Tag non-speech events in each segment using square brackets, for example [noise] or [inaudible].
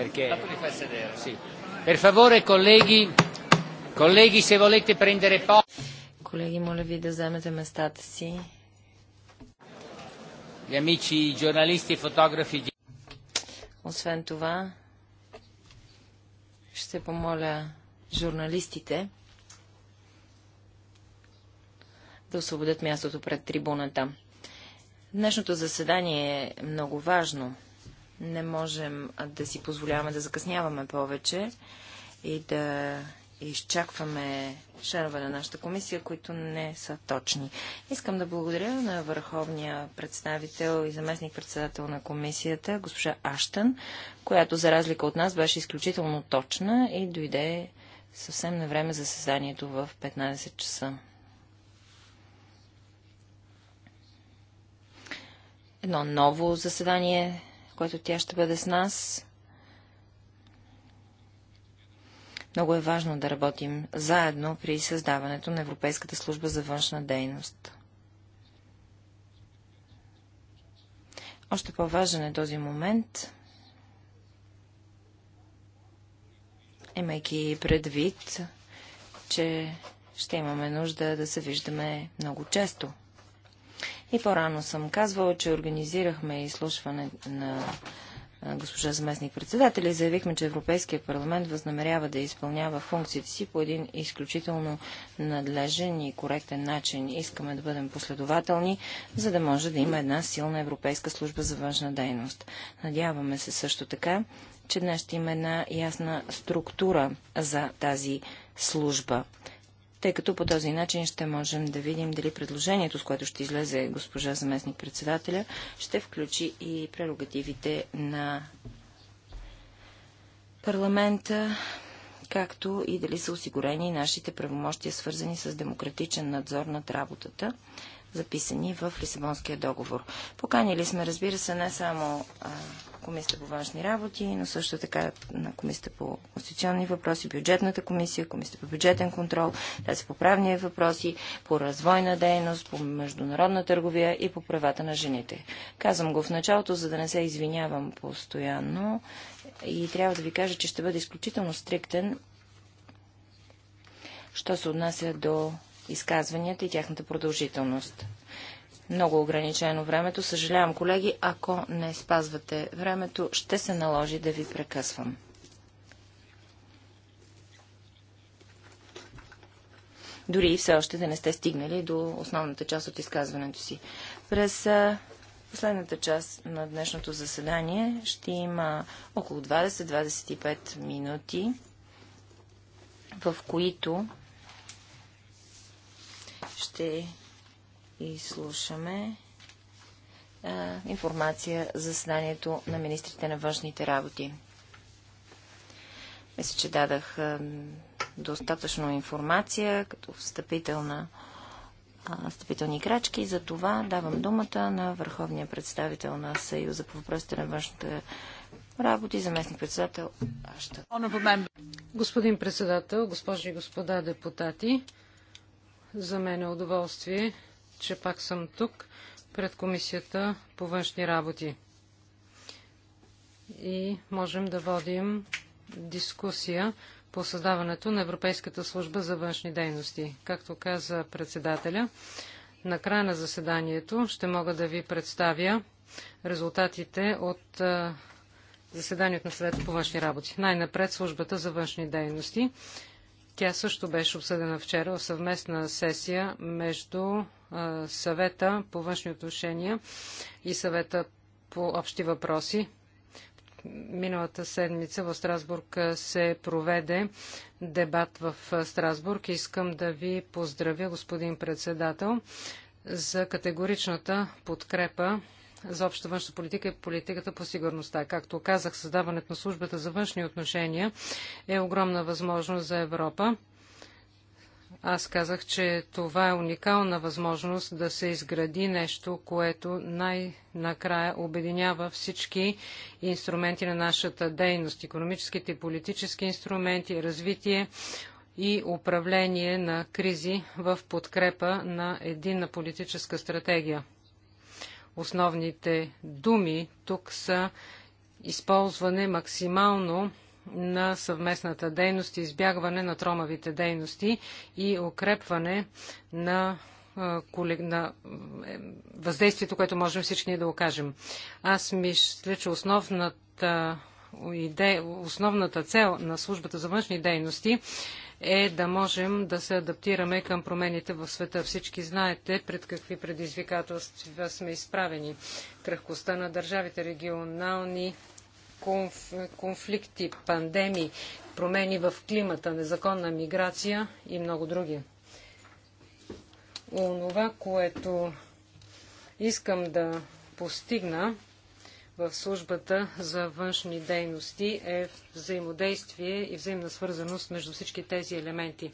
Perché... Sì. Per favore, colleghi, colleghi, se volete prendere posto. Colleghi, моля ви да вземете местата си. Gli amici giornalisti e fotografi. Освен това, ще помоля журналистите да освободят мястото пред трибуната. Днешното заседание е много важно – не можем да си позволяваме да закъсняваме повече и да изчакваме членове на нашата комисия, които не са точни. Искам да благодаря на върховния представител и заместник председател на комисията, госпожа Аштън, която за разлика от нас беше изключително точна и дойде съвсем на време за създанието в 15 часа. Едно ново заседание който тя ще бъде с нас. Много е важно да работим заедно при създаването на Европейската служба за външна дейност. Още по-важен е този момент, имайки предвид, че ще имаме нужда да се виждаме много често. И по-рано съм казвала, че организирахме изслушване на госпожа заместник председател и заявихме, че Европейския парламент възнамерява да изпълнява функциите си по един изключително надлежен и коректен начин. Искаме да бъдем последователни, за да може да има една силна Европейска служба за външна дейност. Надяваме се също така, че днес ще има една ясна структура за тази служба тъй като по този начин ще можем да видим дали предложението, с което ще излезе госпожа заместник председателя, ще включи и прерогативите на парламента, както и дали са осигурени нашите правомощия, свързани с демократичен надзор над работата записани в Лисабонския договор. Поканили сме, разбира се, не само Комисията по външни работи, но също така на Комисията по конституционни въпроси, бюджетната комисия, Комисията по бюджетен контрол, тази по правни въпроси, по развойна дейност, по международна търговия и по правата на жените. Казвам го в началото, за да не се извинявам постоянно и трябва да ви кажа, че ще бъде изключително стриктен, що се отнася до изказванията и тяхната продължителност. Много ограничено времето. Съжалявам, колеги, ако не спазвате времето, ще се наложи да ви прекъсвам. Дори и все още да не сте стигнали до основната част от изказването си. През последната част на днешното заседание ще има около 20-25 минути, в които ще изслушаме а, информация за съданието на министрите на външните работи. Мисля, че дадах а, достатъчно информация като встъпителна стъпителни крачки. За това давам думата на върховния представител на Съюза по въпросите на външната работи, заместник председател Ашта. Господин председател, госпожи и господа депутати, за мен е удоволствие, че пак съм тук пред Комисията по външни работи. И можем да водим дискусия по създаването на Европейската служба за външни дейности. Както каза председателя, на края на заседанието ще мога да ви представя резултатите от заседанието на съвета по външни работи. Най-напред службата за външни дейности. Тя също беше обсъдена вчера в съвместна сесия между съвета по външни отношения и съвета по общи въпроси. Миналата седмица в Страсбург се проведе дебат в Страсбург. Искам да ви поздравя, господин председател, за категоричната подкрепа за обща външна политика и политиката по сигурността. Както казах, създаването на службата за външни отношения е огромна възможност за Европа. Аз казах, че това е уникална възможност да се изгради нещо, което най-накрая обединява всички инструменти на нашата дейност, економическите и политически инструменти, развитие и управление на кризи в подкрепа на единна политическа стратегия основните думи тук са използване максимално на съвместната дейност, избягване на тромавите дейности и укрепване на, на е, въздействието, което можем всички ние да окажем. Аз мисля, че основната, идея, основната цел на службата за външни дейности е да можем да се адаптираме към промените в света. Всички знаете пред какви предизвикателства сме изправени. Кръхкостта на държавите, регионални конф, конфликти, пандемии, промени в климата, незаконна миграция и много други. Онова, което искам да постигна в службата за външни дейности е взаимодействие и взаимна свързаност между всички тези елементи.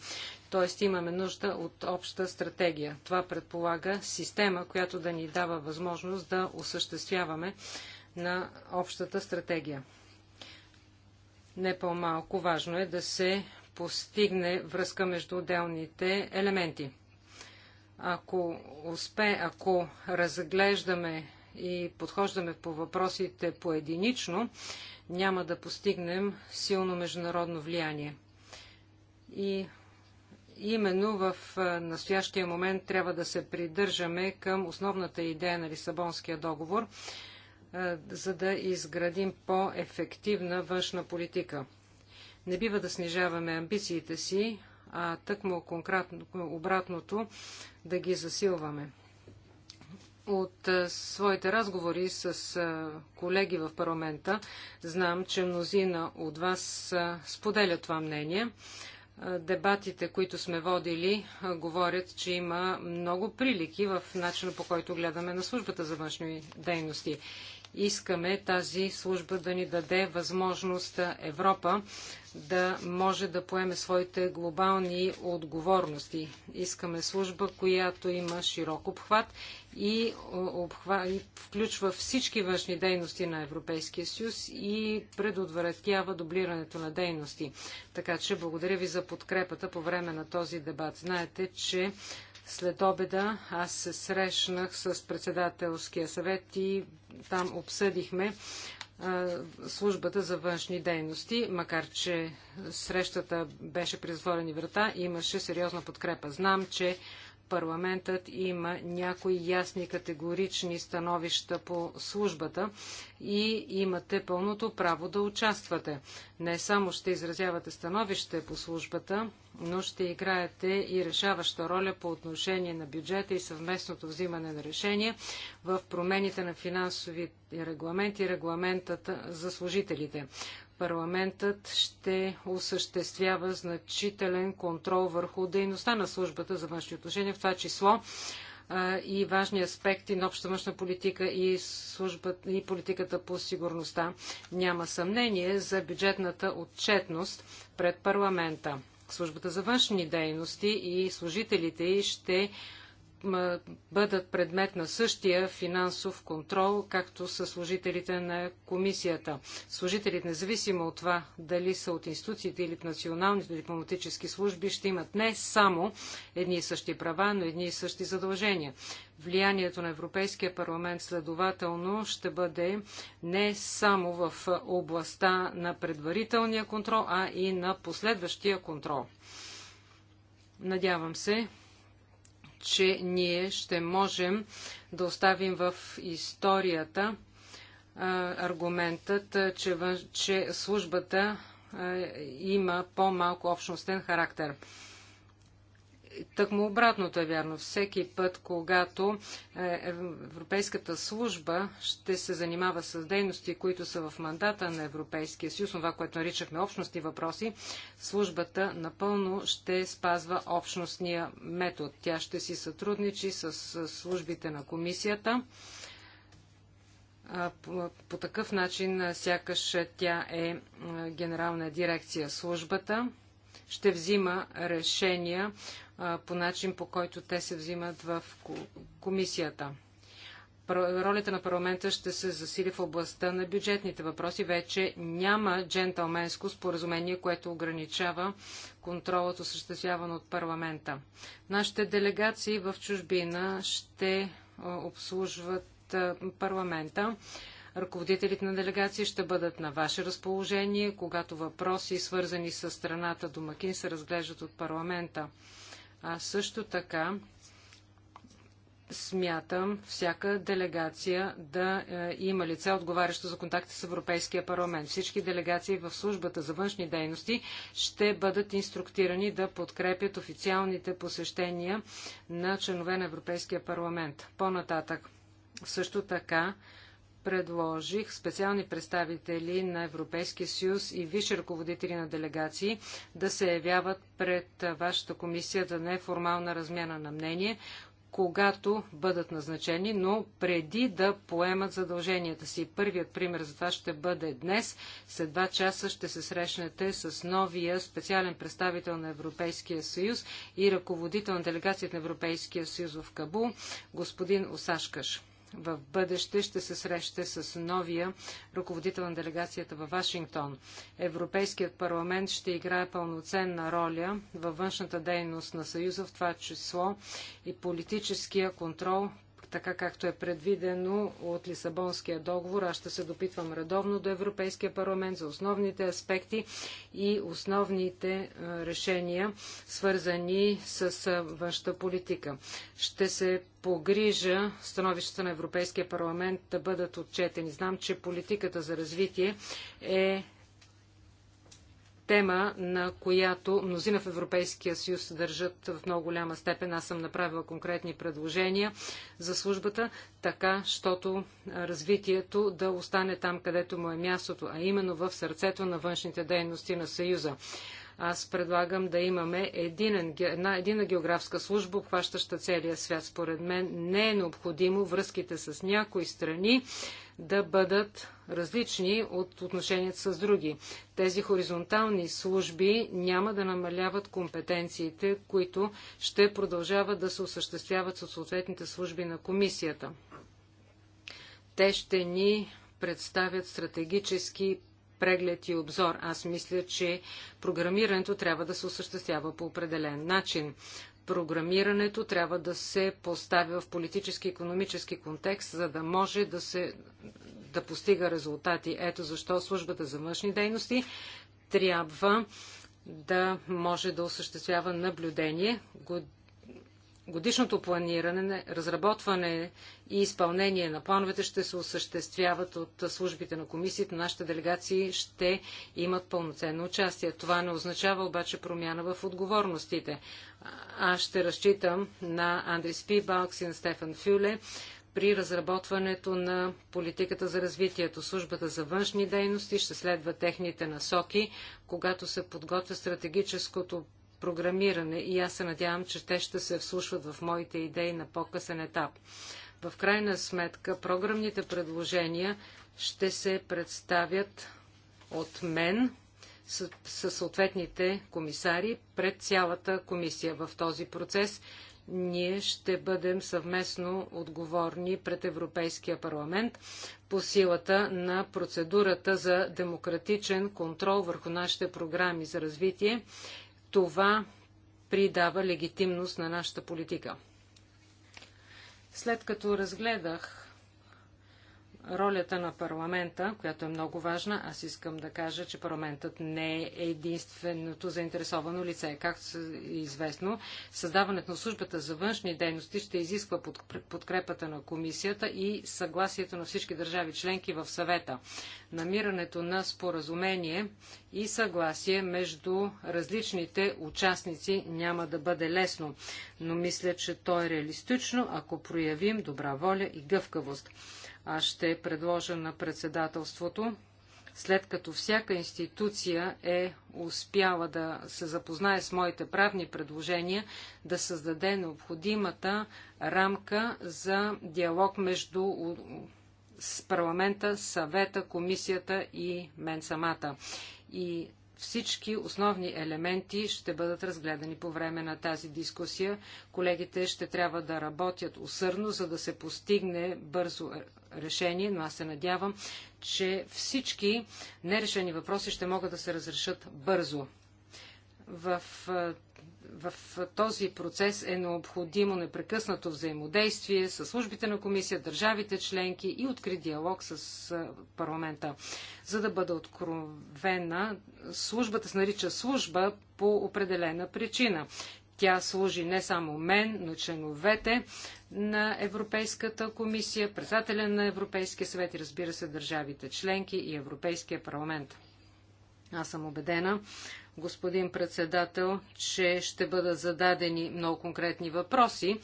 Тоест имаме нужда от обща стратегия. Това предполага система, която да ни дава възможност да осъществяваме на общата стратегия. Не по-малко важно е да се постигне връзка между отделните елементи. Ако, успе, ако разглеждаме и подхождаме по въпросите поединично, няма да постигнем силно международно влияние. И именно в настоящия момент трябва да се придържаме към основната идея на Лисабонския договор, за да изградим по-ефективна външна политика. Не бива да снижаваме амбициите си, а тъкмо конкретно обратното да ги засилваме. От своите разговори с колеги в парламента знам, че мнозина от вас споделят това мнение. Дебатите, които сме водили, говорят, че има много прилики в начина по който гледаме на службата за външни дейности искаме тази служба да ни даде възможност Европа да може да поеме своите глобални отговорности. Искаме служба, която има широк обхват и, и включва всички външни дейности на Европейския съюз и предотвратява дублирането на дейности. Така че благодаря ви за подкрепата по време на този дебат. Знаете, че след обеда аз се срещнах с председателския съвет и там обсъдихме службата за външни дейности, макар че срещата беше при затворени врата, имаше сериозна подкрепа. Знам, че парламентът има някои ясни категорични становища по службата и имате пълното право да участвате. Не само ще изразявате становище по службата, но ще играете и решаваща роля по отношение на бюджета и съвместното взимане на решения в промените на финансови регламенти и регламентата за служителите. Парламентът ще осъществява значителен контрол върху дейността на службата за външни отношения, в това число и важни аспекти на обща външна политика и, службата, и политиката по сигурността. Няма съмнение за бюджетната отчетност пред парламента. Службата за външни дейности и служителите ще бъдат предмет на същия финансов контрол, както са служителите на комисията. Служителите, независимо от това дали са от институциите или от националните дипломатически служби, ще имат не само едни и същи права, но едни и същи задължения. Влиянието на Европейския парламент следователно ще бъде не само в областта на предварителния контрол, а и на последващия контрол. Надявам се, че ние ще можем да оставим в историята аргументът, че, че службата има по-малко общностен характер. Тъкмо обратното е вярно. Всеки път, когато е, Европейската служба ще се занимава с дейности, които са в мандата на Европейския съюз, това, което наричахме общностни въпроси, службата напълно ще спазва общностния метод. Тя ще си сътрудничи с службите на комисията. По, по такъв начин, сякаш тя е генерална дирекция службата, ще взима решения по начин по който те се взимат в комисията. Ролята на парламента ще се засили в областта на бюджетните въпроси. Вече няма джентълменско споразумение, което ограничава контролът, осъществяван от парламента. Нашите делегации в чужбина ще обслужват парламента. Ръководителите на делегации ще бъдат на ваше разположение, когато въпроси, свързани с страната домакин, се разглеждат от парламента. А също така смятам всяка делегация да е, има лице, отговарящо за контакти с Европейския парламент. Всички делегации в службата за външни дейности ще бъдат инструктирани да подкрепят официалните посещения на членове на Европейския парламент. По-нататък също така предложих специални представители на Европейския съюз и висши ръководители на делегации да се явяват пред вашата комисия за неформална размяна на мнение, когато бъдат назначени, но преди да поемат задълженията си. Първият пример за това ще бъде днес. След два часа ще се срещнете с новия специален представител на Европейския съюз и ръководител на делегацията на Европейския съюз в Кабул, господин Осашкаш в бъдеще ще се среща с новия ръководител на делегацията във Вашингтон. Европейският парламент ще играе пълноценна роля във външната дейност на Съюза, в това число и политическия контрол, така както е предвидено от Лисабонския договор. Аз ще се допитвам редовно до Европейския парламент за основните аспекти и основните решения, свързани с външната политика. Ще се погрижа становищата на Европейския парламент да бъдат отчетени. Знам, че политиката за развитие е тема, на която мнозина в Европейския съюз държат в много голяма степен. Аз съм направила конкретни предложения за службата, така, щото развитието да остане там, където му е мястото, а именно в сърцето на външните дейности на Съюза. Аз предлагам да имаме единен, една едина географска служба, обхващаща целия свят. Според мен не е необходимо връзките с някои страни да бъдат различни от отношенията с други. Тези хоризонтални служби няма да намаляват компетенциите, които ще продължават да се осъществяват от съответните служби на комисията. Те ще ни представят стратегически преглед и обзор. Аз мисля, че програмирането трябва да се осъществява по определен начин. Програмирането трябва да се поставя в политически и економически контекст, за да може да се да постига резултати. Ето защо службата за външни дейности трябва да може да осъществява наблюдение годишното планиране, разработване и изпълнение на плановете ще се осъществяват от службите на комисията. Нашите делегации ще имат пълноценно участие. Това не означава обаче промяна в отговорностите. Аз ще разчитам на Андрис Пибалкс и на Стефан Фюле при разработването на политиката за развитието. Службата за външни дейности ще следва техните насоки, когато се подготвя стратегическото програмиране и аз се надявам, че те ще се вслушват в моите идеи на по-късен етап. В крайна сметка, програмните предложения ще се представят от мен със съответните комисари пред цялата комисия. В този процес ние ще бъдем съвместно отговорни пред Европейския парламент по силата на процедурата за демократичен контрол върху нашите програми за развитие това придава легитимност на нашата политика. След като разгледах ролята на парламента, която е много важна. Аз искам да кажа, че парламентът не е единственото заинтересовано лице. Както е известно, създаването на службата за външни дейности ще изисква подкрепата на комисията и съгласието на всички държави членки в съвета. Намирането на споразумение и съгласие между различните участници няма да бъде лесно, но мисля, че то е реалистично, ако проявим добра воля и гъвкавост аз ще предложа на председателството, след като всяка институция е успяла да се запознае с моите правни предложения, да създаде необходимата рамка за диалог между с парламента, съвета, комисията и мен самата. И всички основни елементи ще бъдат разгледани по време на тази дискусия. Колегите ще трябва да работят усърдно, за да се постигне бързо е, решение, но аз се надявам, че всички нерешени въпроси ще могат да се разрешат бързо. В, в този процес е необходимо непрекъснато взаимодействие с службите на комисия, държавите членки и открит диалог с парламента. За да бъде откровена, службата се нарича служба по определена причина. Тя служи не само мен, но и членовете на Европейската комисия, председателя на Европейския съвет и разбира се държавите членки и Европейския парламент. Аз съм убедена, господин председател, че ще бъдат зададени много конкретни въпроси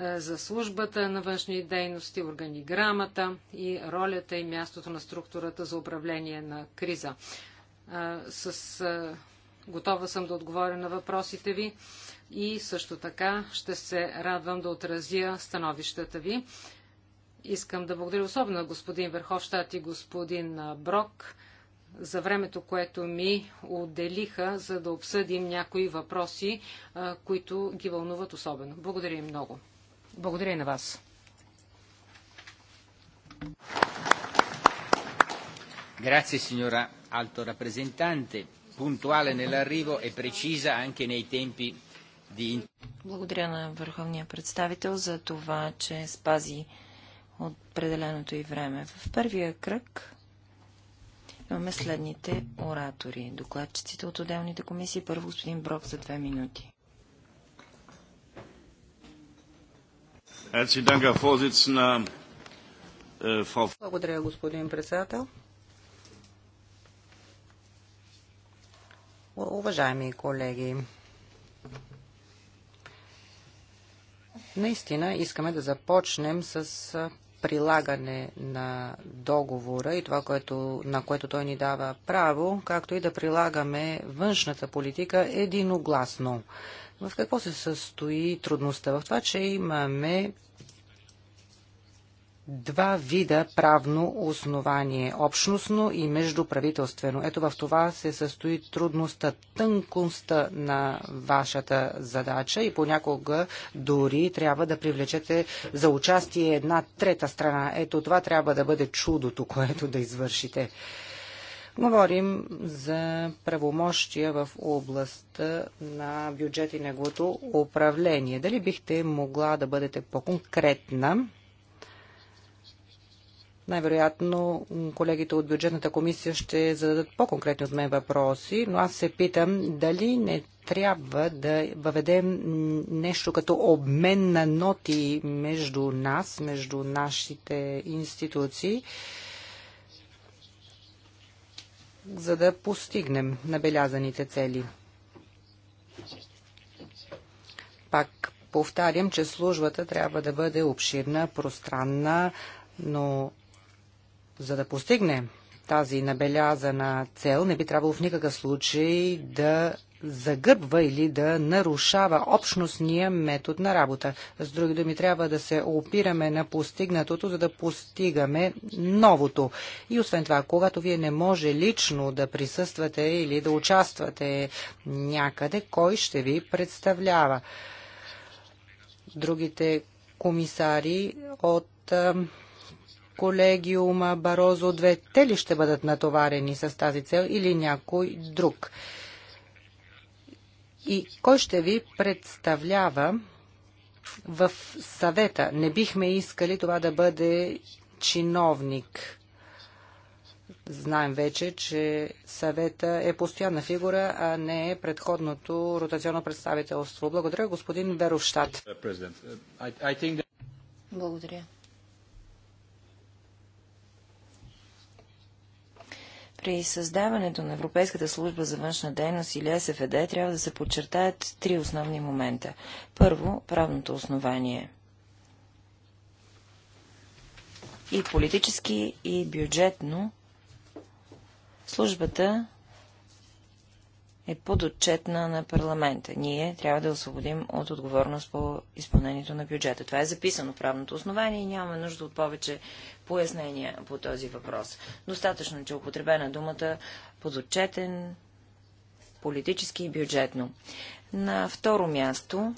е, за службата на външни дейности, органиграмата и ролята и мястото на структурата за управление на криза. Е, с е, Готова съм да отговоря на въпросите ви и също така ще се радвам да отразя становищата ви. Искам да благодаря особено господин Верховщат и господин Брок за времето, което ми отделиха, за да обсъдим някои въпроси, които ги вълнуват особено. Благодаря им много. Благодаря и на вас. Grazie signora alto rappresentante, puntuale nell'arrivo e precisa anche nei tempi di... Благодаря на върховния представител за това, че спази определеното и време. В първия кръг Имаме следните оратори. Докладчиците от отделните комисии. Първо господин Брок за две минути. Äh, Благодаря, господин председател. Уважаеми колеги, наистина искаме да започнем с прилагане на договора и това, което, на което той ни дава право, както и да прилагаме външната политика единогласно. В какво се състои трудността? В това, че имаме два вида правно основание – общностно и междуправителствено. Ето в това се състои трудността, тънкостта на вашата задача и понякога дори трябва да привлечете за участие една трета страна. Ето това трябва да бъде чудото, което да извършите. Говорим за правомощия в областта на бюджет и неговото управление. Дали бихте могла да бъдете по-конкретна най-вероятно колегите от бюджетната комисия ще зададат по-конкретни от мен въпроси, но аз се питам дали не трябва да въведем нещо като обмен на ноти между нас, между нашите институции, за да постигнем набелязаните цели. Пак повтарям, че службата трябва да бъде обширна, пространна, но за да постигне тази набелязана цел, не би трябвало в никакъв случай да загърбва или да нарушава общностния метод на работа. С други думи, трябва да се опираме на постигнатото, за да постигаме новото. И освен това, когато вие не може лично да присъствате или да участвате някъде, кой ще ви представлява? Другите комисари от колегиума Барозо 2, те ли ще бъдат натоварени с тази цел или някой друг? И кой ще ви представлява в съвета? Не бихме искали това да бъде чиновник. Знаем вече, че съвета е постоянна фигура, а не е предходното ротационно представителство. Благодаря, господин Веровщад. Е, е, Благодаря. При създаването на Европейската служба за външна дейност или СФД трябва да се подчертаят три основни момента. Първо, правното основание. И политически, и бюджетно службата е подотчетна на парламента. Ние трябва да освободим от отговорност по изпълнението на бюджета. Това е записано в правното основание и нямаме нужда от повече пояснения по този въпрос. Достатъчно, е, че е употребена думата подотчетен политически и бюджетно. На второ място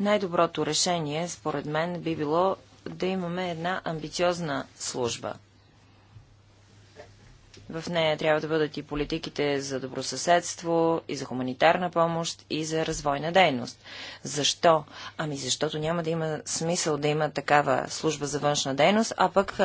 най-доброто решение, според мен, би било да имаме една амбициозна служба – в нея трябва да бъдат и политиките за добросъседство, и за хуманитарна помощ, и за развойна дейност. Защо? Ами защото няма да има смисъл да има такава служба за външна дейност, а пък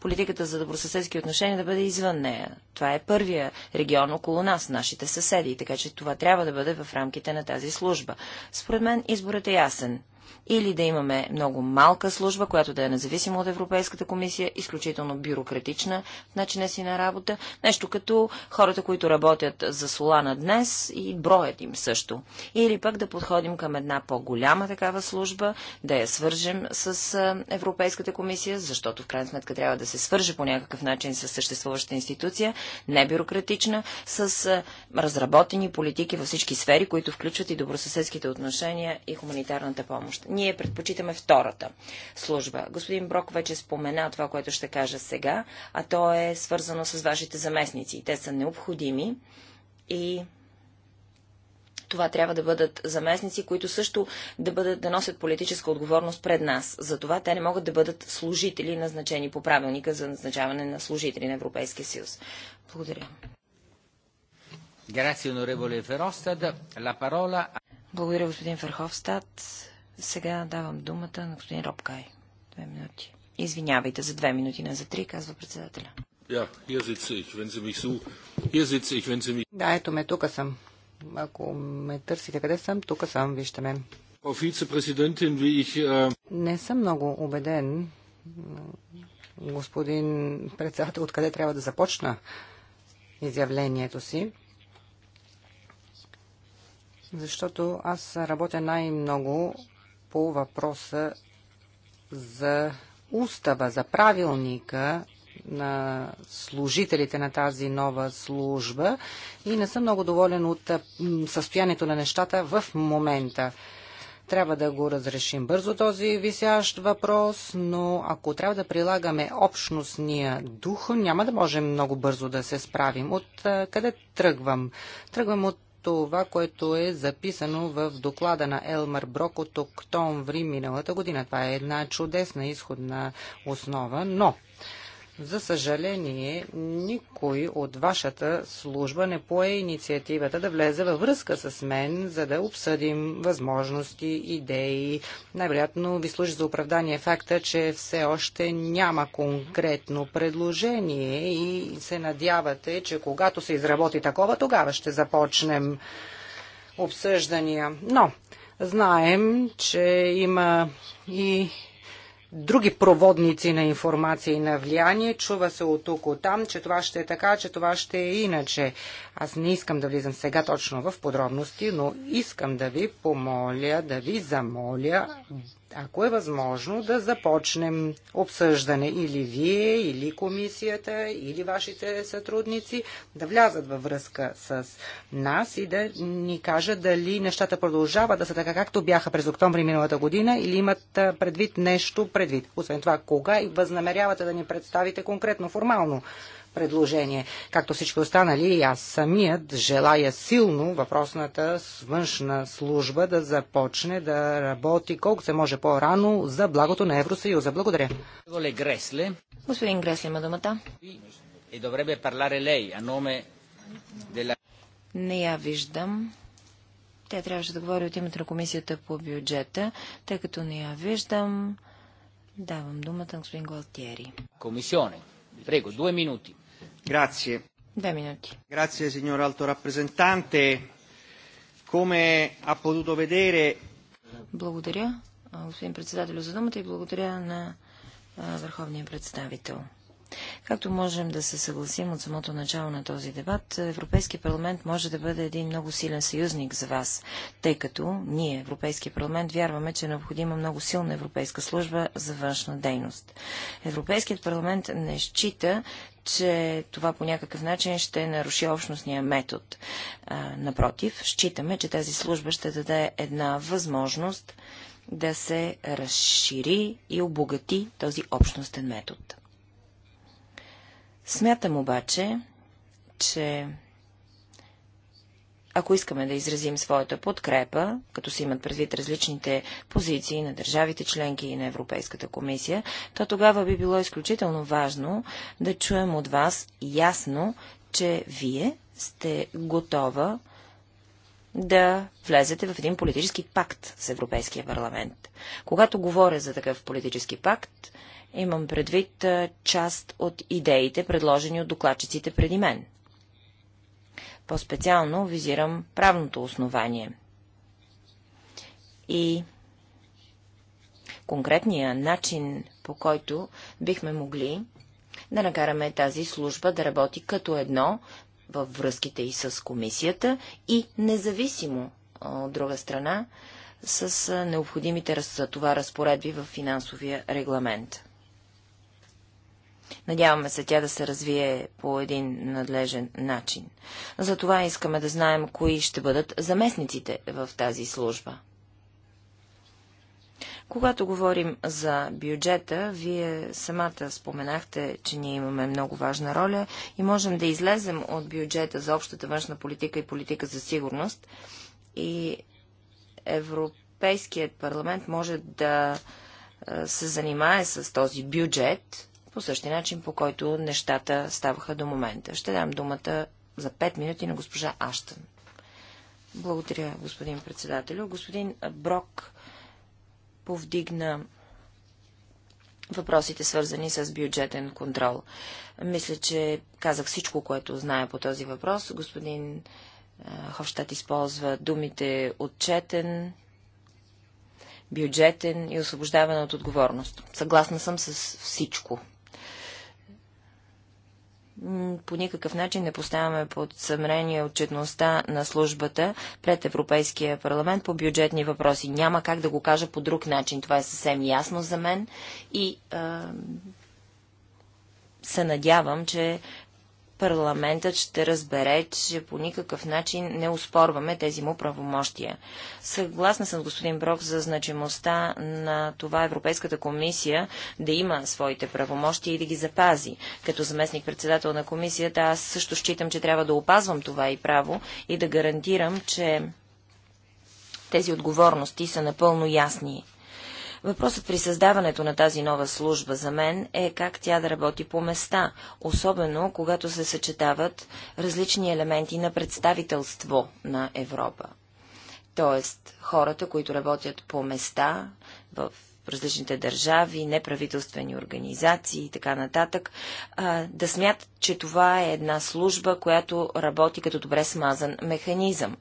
политиката за добросъседски отношения да бъде извън нея. Това е първия регион около нас, нашите съседи, така че това трябва да бъде в рамките на тази служба. Според мен изборът е ясен или да имаме много малка служба, която да е независима от Европейската комисия, изключително бюрократична в начина си на работа, нещо като хората, които работят за Солана днес и броят им също. Или пък да подходим към една по-голяма такава служба, да я свържем с Европейската комисия, защото в крайна сметка трябва да се свърже по някакъв начин с съществуващата институция, не бюрократична, с разработени политики във всички сфери, които включват и добросъседските отношения и хуманитарната помощ. Ние предпочитаме втората служба. Господин Брок вече спомена това, което ще кажа сега, а то е свързано с вашите заместници. Те са необходими и това трябва да бъдат заместници, които също да, бъдат, да носят политическа отговорност пред нас. Затова те не могат да бъдат служители, назначени по правилника за назначаване на служители на Европейския съюз. Благодаря. Благодаря, господин Ферховстад. Сега давам думата на господин Робкай. Две минути. Извинявайте за две минути, не за три, казва председателя. Да, hier sitze ich, wenn Sie mich suchen. Hier sitze ich, wenn Sie mich... Да, ето ме, тук съм. Ако ме търсите къде съм, тук съм, вижте ме. Äh, не съм много убеден, господин председател, откъде трябва да започна изявлението си. Защото аз работя най-много по въпроса за устава, за правилника на служителите на тази нова служба и не съм много доволен от състоянието на нещата в момента. Трябва да го разрешим бързо този висящ въпрос, но ако трябва да прилагаме общностния дух, няма да можем много бързо да се справим. От къде тръгвам? Тръгвам от това, което е записано в доклада на Елмар Брок от октомври миналата година. Това е една чудесна изходна основа, но за съжаление, никой от вашата служба не пое инициативата да влезе във връзка с мен, за да обсъдим възможности, идеи. Най-вероятно ви служи за оправдание факта, че все още няма конкретно предложение и се надявате, че когато се изработи такова, тогава ще започнем обсъждания. Но знаем, че има и други проводници на информация и на влияние. Чува се от тук, от там, че това ще е така, че това ще е иначе. Аз не искам да влизам сега точно в подробности, но искам да ви помоля, да ви замоля ако е възможно, да започнем обсъждане или вие, или комисията, или вашите сътрудници да влязат във връзка с нас и да ни кажат дали нещата продължават да са така както бяха през октомври миналата година или имат предвид нещо предвид. Освен това, кога и възнамерявате да ни представите конкретно, формално предложение. Както всички останали, аз самият желая силно въпросната външна служба да започне да работи колко се може по-рано за благото на Евросъюза. Благодаря. Господин Гресле има думата. Е не я виждам. Тя трябваше да говори от името на комисията по бюджета, тъй като не я виждам. Давам думата на господин Галтиери. Комисионе. Прего, две минути. Grazie. Две Grazie, signor alto rappresentante. Come ha potuto vedere... Благодаря, господин председател, за думата и благодаря на върховния представител. Както можем да се съгласим от самото начало на този дебат, Европейския парламент може да бъде един много силен съюзник за вас, тъй като ние, Европейския парламент, вярваме, че е необходима много силна европейска служба за външна дейност. Европейският парламент не счита, че това по някакъв начин ще наруши общностния метод. А, напротив, считаме, че тази служба ще даде една възможност да се разшири и обогати този общностен метод. Смятам обаче, че ако искаме да изразим своята подкрепа, като се имат предвид различните позиции на държавите членки и на Европейската комисия, то тогава би било изключително важно да чуем от вас ясно, че вие сте готова да влезете в един политически пакт с Европейския парламент. Когато говоря за такъв политически пакт, имам предвид част от идеите, предложени от докладчиците преди мен – по-специално визирам правното основание и конкретния начин, по който бихме могли да накараме тази служба да работи като едно във връзките и с комисията и независимо от друга страна с необходимите за това разпоредби в финансовия регламент. Надяваме се тя да се развие по един надлежен начин. Затова искаме да знаем кои ще бъдат заместниците в тази служба. Когато говорим за бюджета, вие самата споменахте, че ние имаме много важна роля и можем да излезем от бюджета за общата външна политика и политика за сигурност. И Европейският парламент може да се занимае с този бюджет по същия начин, по който нещата ставаха до момента. Ще дам думата за 5 минути на госпожа Аштън. Благодаря, господин председателю. Господин Брок повдигна въпросите, свързани с бюджетен контрол. Мисля, че казах всичко, което знае по този въпрос. Господин Хофштадт използва думите отчетен, бюджетен и освобождаване от отговорност. Съгласна съм с всичко по никакъв начин не поставяме под съмнение отчетността на службата пред Европейския парламент по бюджетни въпроси. Няма как да го кажа по друг начин. Това е съвсем ясно за мен и а, се надявам, че парламентът ще разбере, че по никакъв начин не успорваме тези му правомощия. Съгласна съм с господин Брок за значимостта на това Европейската комисия да има своите правомощия и да ги запази. Като заместник председател на комисията аз също считам, че трябва да опазвам това и право и да гарантирам, че тези отговорности са напълно ясни. Въпросът при създаването на тази нова служба за мен е как тя да работи по места, особено когато се съчетават различни елементи на представителство на Европа. Тоест, хората, които работят по места в различните държави, неправителствени организации и така нататък, да смятат, че това е една служба, която работи като добре смазан механизъм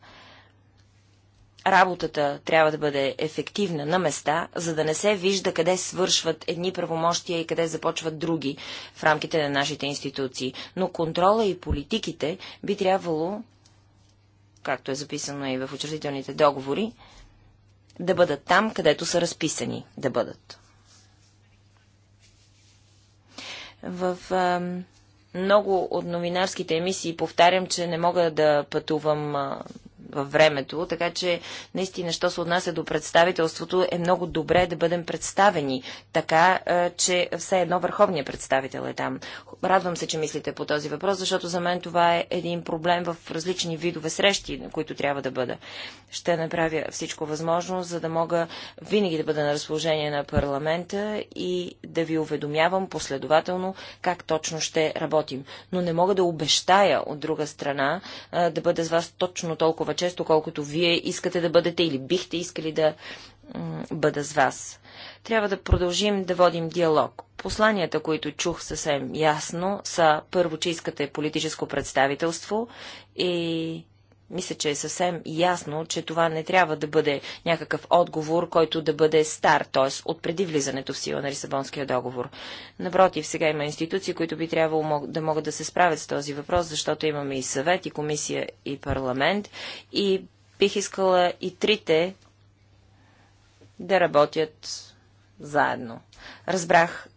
работата трябва да бъде ефективна на места, за да не се вижда къде свършват едни правомощия и къде започват други в рамките на нашите институции. Но контрола и политиките би трябвало, както е записано и в учредителните договори, да бъдат там, където са разписани да бъдат. В а, много от новинарските емисии повтарям, че не мога да пътувам а, във времето, така че наистина, що се отнася до представителството, е много добре да бъдем представени, така че все едно върховният представител е там. Радвам се, че мислите по този въпрос, защото за мен това е един проблем в различни видове срещи, на които трябва да бъда. Ще направя всичко възможно, за да мога винаги да бъда на разположение на парламента и да ви уведомявам последователно как точно ще работим. Но не мога да обещая от друга страна да бъда с вас точно толкова често, колкото вие искате да бъдете или бихте искали да бъда с вас. Трябва да продължим да водим диалог. Посланията, които чух съвсем ясно, са първо, че искате политическо представителство и мисля, че е съвсем ясно, че това не трябва да бъде някакъв отговор, който да бъде стар, т.е. от преди влизането в сила на Лисабонския договор. Напротив, сега има институции, които би трябвало да могат да се справят с този въпрос, защото имаме и съвет, и комисия, и парламент. И бих искала и трите да работят заедно. Разбрах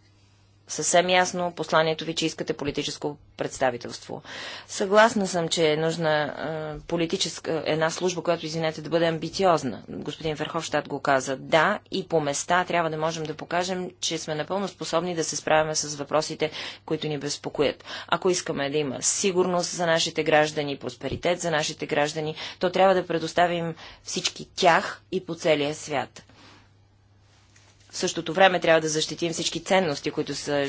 съвсем ясно посланието ви, че искате политическо представителство. Съгласна съм, че е нужна е, политическа, една служба, която, извинете, да бъде амбициозна. Господин Верховщад го каза. Да, и по места трябва да можем да покажем, че сме напълно способни да се справяме с въпросите, които ни безпокоят. Ако искаме да има сигурност за нашите граждани, просперитет за нашите граждани, то трябва да предоставим всички тях и по целия свят. В същото време трябва да защитим всички ценности, които са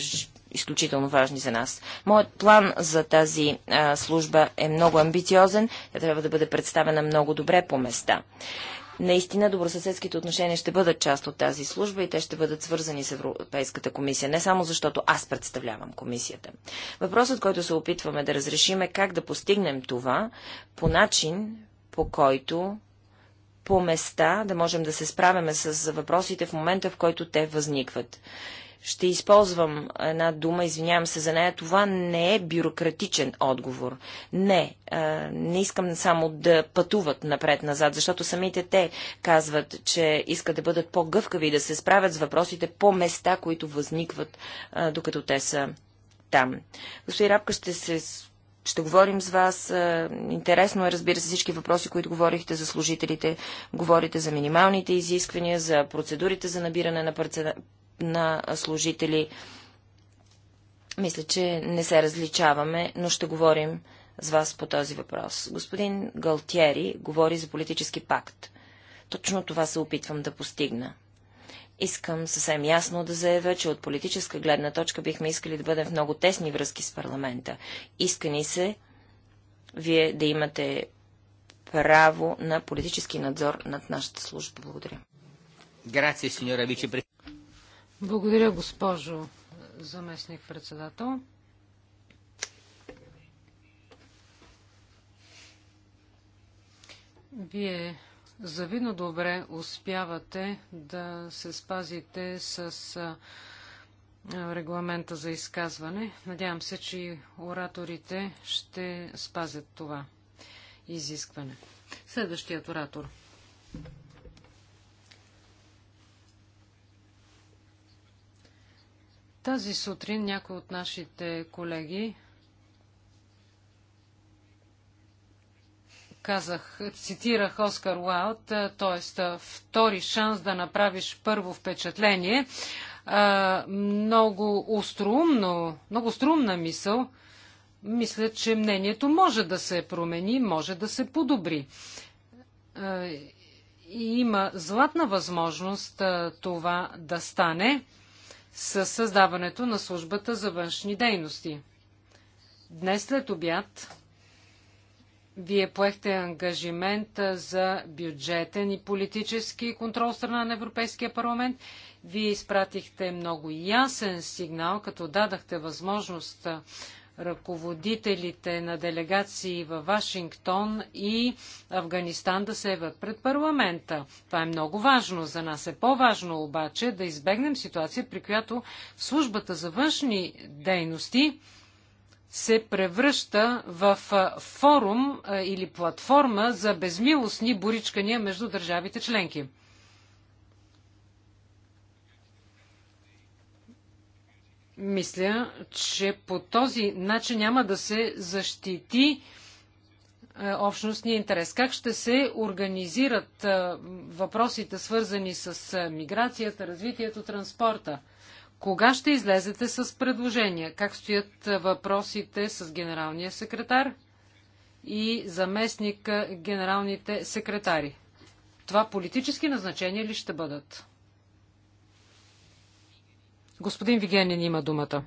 изключително важни за нас. Моят план за тази а, служба е много амбициозен. Тя трябва да бъде представена много добре по места. Наистина добросъседските отношения ще бъдат част от тази служба и те ще бъдат свързани с Европейската комисия, не само защото аз представлявам комисията. Въпросът, който се опитваме да разрешим е как да постигнем това по начин, по който по места, да можем да се справяме с въпросите в момента, в който те възникват. Ще използвам една дума, извинявам се за нея. Това не е бюрократичен отговор. Не, не искам само да пътуват напред-назад, защото самите те казват, че искат да бъдат по-гъвкави и да се справят с въпросите по места, които възникват, докато те са там. Господин Рапка, ще се ще говорим с вас. Е, интересно е, разбира се, всички въпроси, които говорихте за служителите. Говорите за минималните изисквания, за процедурите за набиране на, парце... на служители. Мисля, че не се различаваме, но ще говорим с вас по този въпрос. Господин Галтиери говори за политически пакт. Точно това се опитвам да постигна. Искам съвсем ясно да заявя, че от политическа гледна точка бихме искали да бъдем в много тесни връзки с парламента. Иска ни се вие да имате право на политически надзор над нашата служба. Благодаря. Грация, сеньора вице Благодаря, госпожо заместник председател. Вие завидно добре успявате да се спазите с регламента за изказване. Надявам се, че и ораторите ще спазят това изискване. Следващият оратор. Тази сутрин някои от нашите колеги Казах, цитирах Оскар Уайлд, т.е. втори шанс да направиш първо впечатление. много остроумно, много струмна мисъл. Мисля, че мнението може да се промени, може да се подобри. и има златна възможност това да стане с създаването на службата за външни дейности. Днес след обяд вие поехте ангажимент за бюджетен и политически контрол страна на Европейския парламент. Вие изпратихте много ясен сигнал, като дадахте възможност ръководителите на делегации във Вашингтон и Афганистан да се явят пред парламента. Това е много важно. За нас е по-важно обаче да избегнем ситуация, при която службата за външни дейности се превръща в форум или платформа за безмилостни боричкания между държавите членки. Мисля, че по този начин няма да се защити общностния интерес. Как ще се организират въпросите, свързани с миграцията, развитието, транспорта? Кога ще излезете с предложения? Как стоят въпросите с генералния секретар и заместник генералните секретари? Това политически назначения ли ще бъдат? Господин Вигенин има думата.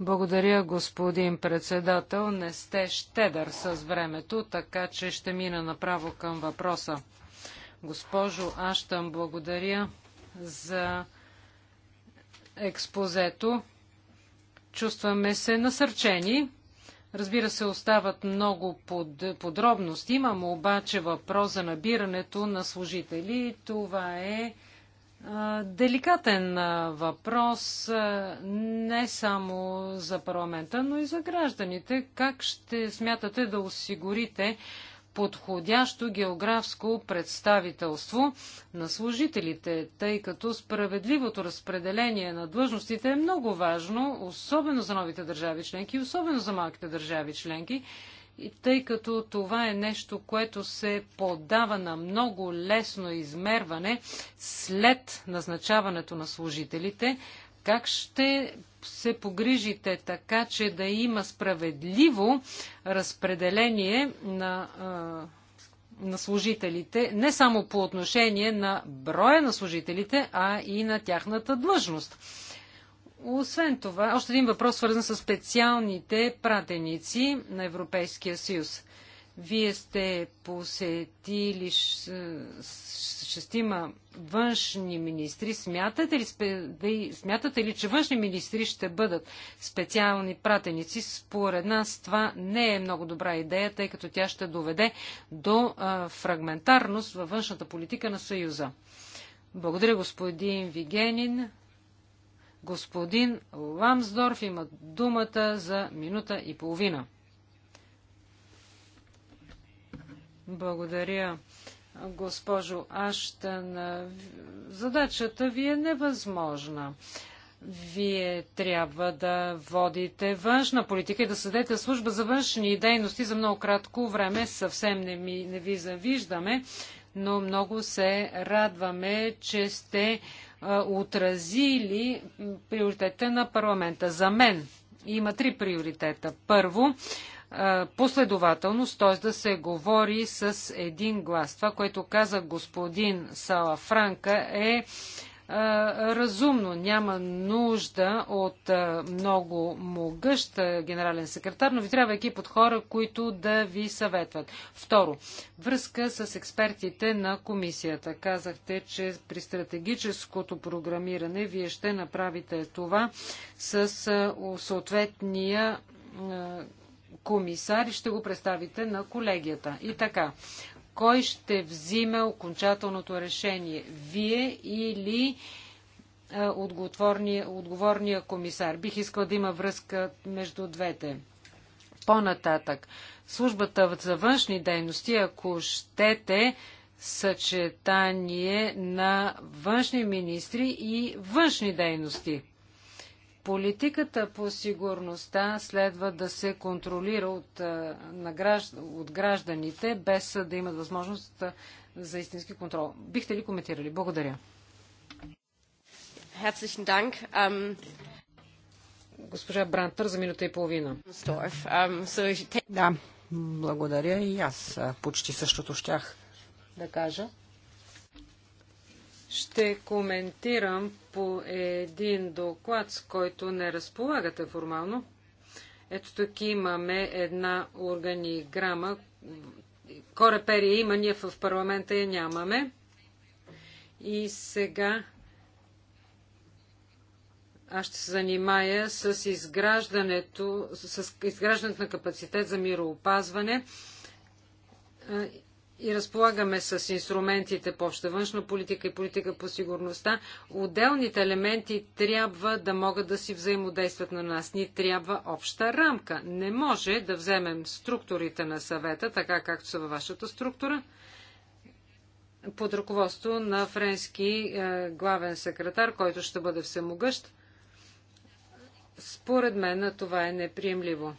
Благодаря, господин председател. Не сте щедър с времето, така че ще мина направо към въпроса. Госпожо Аштън, благодаря за експозето. Чувстваме се насърчени. Разбира се, остават много под, подробности. Имам обаче въпрос за набирането на служители. Това е а, деликатен а, въпрос а, не само за парламента, но и за гражданите. Как ще смятате да осигурите подходящо географско представителство на служителите, тъй като справедливото разпределение на длъжностите е много важно, особено за новите държави членки, особено за малките държави членки, и тъй като това е нещо, което се подава на много лесно измерване след назначаването на служителите, как ще се погрижите така, че да има справедливо разпределение на, на служителите, не само по отношение на броя на служителите, а и на тяхната длъжност? Освен това, още един въпрос, свързан с специалните пратеници на Европейския съюз – вие сте посетили шестима външни министри. Смятате ли, смятате ли, че външни министри ще бъдат специални пратеници? Според нас това не е много добра идея, тъй като тя ще доведе до фрагментарност във външната политика на Съюза. Благодаря, господин Вигенин. Господин Ламсдорф има думата за минута и половина. Благодаря, госпожо Аштън. Задачата ви е невъзможна. Вие трябва да водите външна политика и да съдете служба за външни дейности за много кратко време. Съвсем не, ми, не ви завиждаме, но много се радваме, че сте а, отразили приоритета на парламента. За мен има три приоритета. Първо, последователност, т.е. да се говори с един глас. Това, което каза господин Сала Франка е разумно. Няма нужда от много могъщ генерален секретар, но ви трябва екип от хора, които да ви съветват. Второ, връзка с експертите на комисията. Казахте, че при стратегическото програмиране вие ще направите това с съответния комисар и ще го представите на колегията. И така, кой ще взиме окончателното решение? Вие или е, отговорния, отговорния комисар? Бих искал да има връзка между двете. По-нататък, службата за външни дейности, ако щете, съчетание на външни министри и външни дейности. Политиката по сигурността следва да се контролира от, на граждан, от гражданите, без да имат възможност за истински контрол. Бихте ли коментирали? Благодаря. Ähm, Госпожа Брантър за минута и половина. Ähm, да, благодаря и аз почти същото щях да кажа. Ще коментирам по един доклад, с който не разполагате формално. Ето тук имаме една органиграма. Кореперия има, ние в парламента я нямаме. И сега аз ще се занимая с изграждането, с изграждането на капацитет за мироопазване и разполагаме с инструментите по обща външна политика и политика по сигурността, отделните елементи трябва да могат да си взаимодействат на нас. Ни трябва обща рамка. Не може да вземем структурите на съвета, така както са във вашата структура, под ръководство на френски е, главен секретар, който ще бъде всемогъщ. Според мен това е неприемливо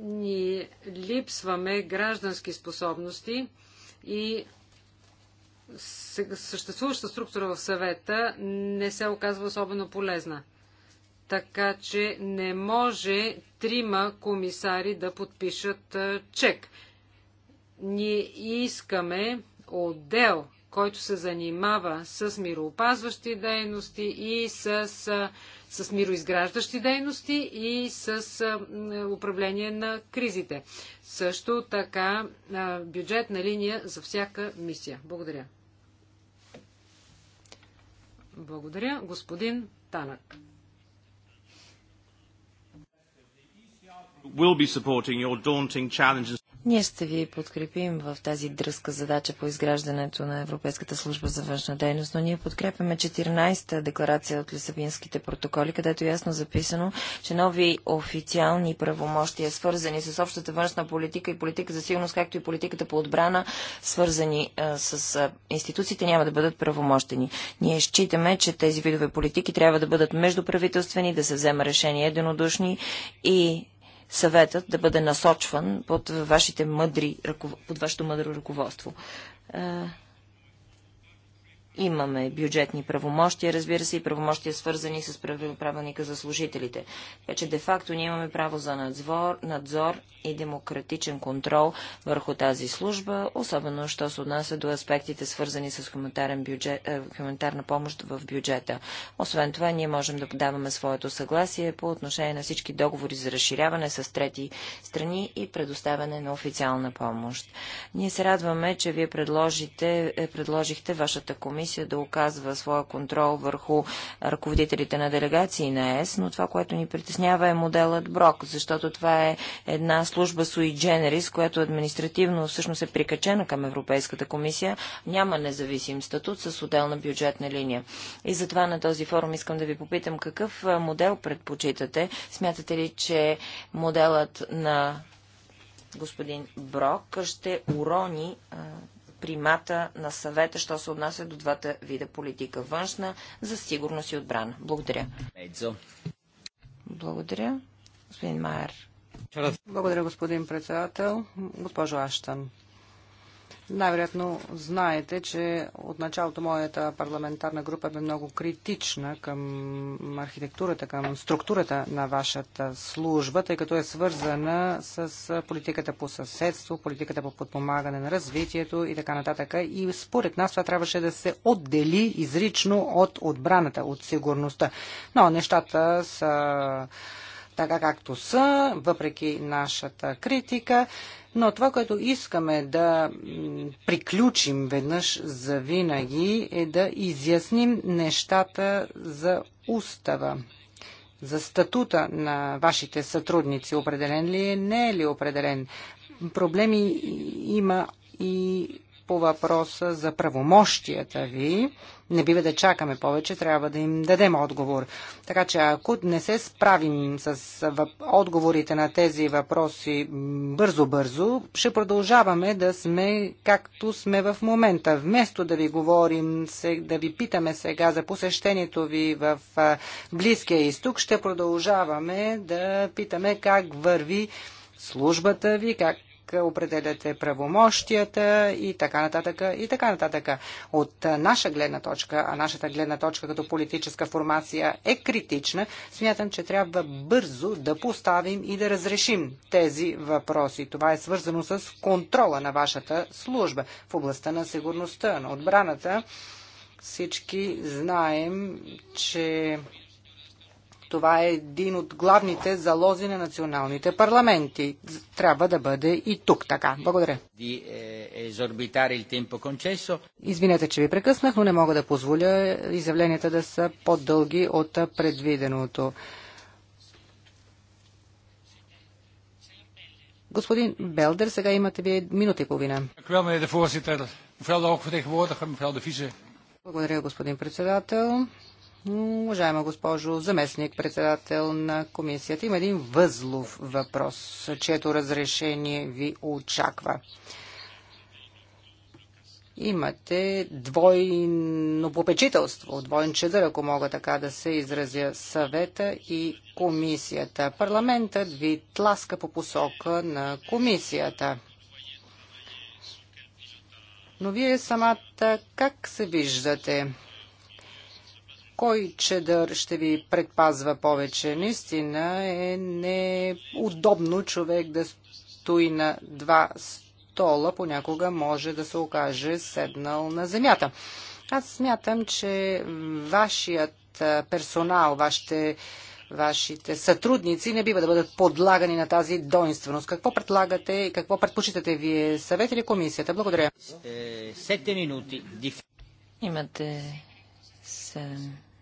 ни липсваме граждански способности и съществуваща структура в съвета не се оказва особено полезна. Така че не може трима комисари да подпишат чек. Ние искаме отдел, който се занимава с мироопазващи дейности и с с мироизграждащи дейности и с управление на кризите. Също така бюджетна линия за всяка мисия. Благодаря. Благодаря. Господин Танък. Will be supporting your daunting challenges. Ние ще ви подкрепим в тази дръзка задача по изграждането на Европейската служба за външна дейност, но ние подкрепяме 14-та декларация от Лисабинските протоколи, където е ясно записано, че нови официални правомощия, свързани с общата външна политика и политика за сигурност, както и политиката по отбрана, свързани а, с а, институциите, няма да бъдат правомощени. Ние считаме, че тези видове политики трябва да бъдат междуправителствени, да се взема решения единодушни и съветът да бъде насочван под, вашите мъдри, под вашето мъдро ръководство. Е, Имаме бюджетни правомощия, разбира се, и правомощия свързани с правилника за служителите. Така че, де-факто, ние имаме право за надзор, надзор и демократичен контрол върху тази служба, особено, що се отнася до аспектите свързани с бюджет, е, хуманитарна помощ в бюджета. Освен това, ние можем да подаваме своето съгласие по отношение на всички договори за разширяване с трети страни и предоставяне на официална помощ. Ние се радваме, че вие предложите, е, предложихте вашата комисия комисия да оказва своя контрол върху ръководителите на делегации на ЕС, но това, което ни притеснява е моделът Брок, защото това е една служба sui generis, която административно всъщност е прикачена към Европейската комисия, няма независим статут с отделна бюджетна линия. И затова на този форум искам да ви попитам какъв модел предпочитате. Смятате ли, че моделът на господин Брок ще урони примата на съвета, що се отнася до двата вида политика външна за сигурност и отбрана. Благодаря. Благодаря. Господин Майер. Благодаря, господин председател. Госпожо Аштан. Най-вероятно знаете, че от началото моята парламентарна група бе много критична към архитектурата, към структурата на вашата служба, тъй като е свързана с политиката по съседство, политиката по подпомагане на развитието и така нататък. И според нас това трябваше да се отдели изрично от отбраната, от сигурността. Но нещата са така както са, въпреки нашата критика. Но това, което искаме да приключим веднъж за винаги, е да изясним нещата за устава за статута на вашите сътрудници. Определен ли е? Не е ли определен? Проблеми има и по въпроса за правомощията ви. Не бива да чакаме повече, трябва да им дадем отговор. Така че ако не се справим с отговорите на тези въпроси бързо-бързо, ще продължаваме да сме както сме в момента. Вместо да ви говорим, да ви питаме сега за посещението ви в Близкия изток, ще продължаваме да питаме как върви службата ви, как определяте правомощията и така нататък, и така нататък. От наша гледна точка, а нашата гледна точка като политическа формация е критична, смятам, че трябва бързо да поставим и да разрешим тези въпроси. Това е свързано с контрола на вашата служба в областта на сигурността, на отбраната. Всички знаем, че това е един от главните залози на националните парламенти. Трябва да бъде и тук така. Благодаря. Eh, Извинете, че ви прекъснах, но не мога да позволя изявленията да са по-дълги от предвиденото. Господин Белдер, сега имате ви минута и половина. Благодаря, господин председател. Уважаема госпожо заместник председател на комисията, има един възлов въпрос, чието разрешение ви очаква. Имате двойно попечителство, двойн чедър, ако мога така да се изразя, съвета и комисията. Парламентът ви тласка по посока на комисията. Но вие самата как се виждате? кой чедър ще ви предпазва повече. Наистина е неудобно човек да стои на два стола, понякога може да се окаже седнал на земята. Аз смятам, че вашият персонал, вашите вашите сътрудници не бива да бъдат подлагани на тази доинственост. Какво предлагате и какво предпочитате вие? Съвет или комисията? Благодаря. Е, Имате 7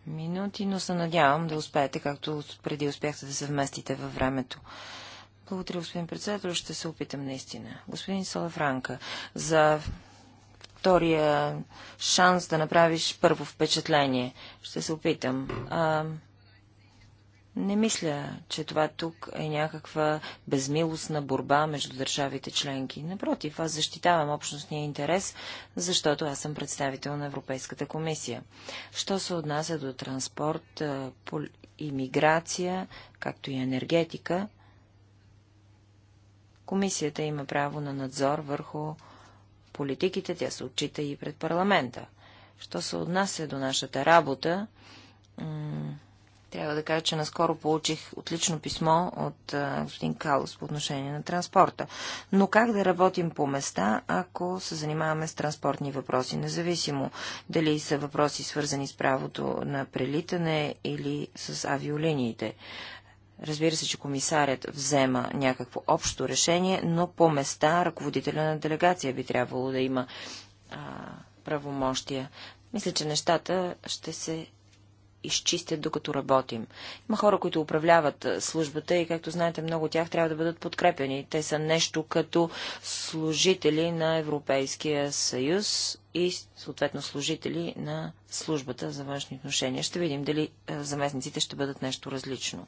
минути, но се надявам да успеете, както преди успяхте да се вместите във времето. Благодаря, господин председател. Ще се опитам наистина. Господин Салафранка, за втория шанс да направиш първо впечатление. Ще се опитам. А, не мисля, че това тук е някаква безмилостна борба между държавите членки. Напротив, аз защитавам общностния интерес, защото аз съм представител на Европейската комисия. Що се отнася до транспорт, иммиграция, както и енергетика, комисията има право на надзор върху политиките, тя се отчита и пред парламента. Що се отнася до нашата работа, трябва да кажа, че наскоро получих отлично писмо от господин Калос по отношение на транспорта. Но как да работим по места, ако се занимаваме с транспортни въпроси, независимо дали са въпроси свързани с правото на прелитане или с авиолиниите? Разбира се, че комисарят взема някакво общо решение, но по места ръководителя на делегация би трябвало да има а, правомощия. Мисля, че нещата ще се изчистят докато работим. Има хора, които управляват службата и, както знаете, много от тях трябва да бъдат подкрепени. Те са нещо като служители на Европейския съюз и съответно служители на службата за външни отношения. Ще видим дали е, заместниците ще бъдат нещо различно.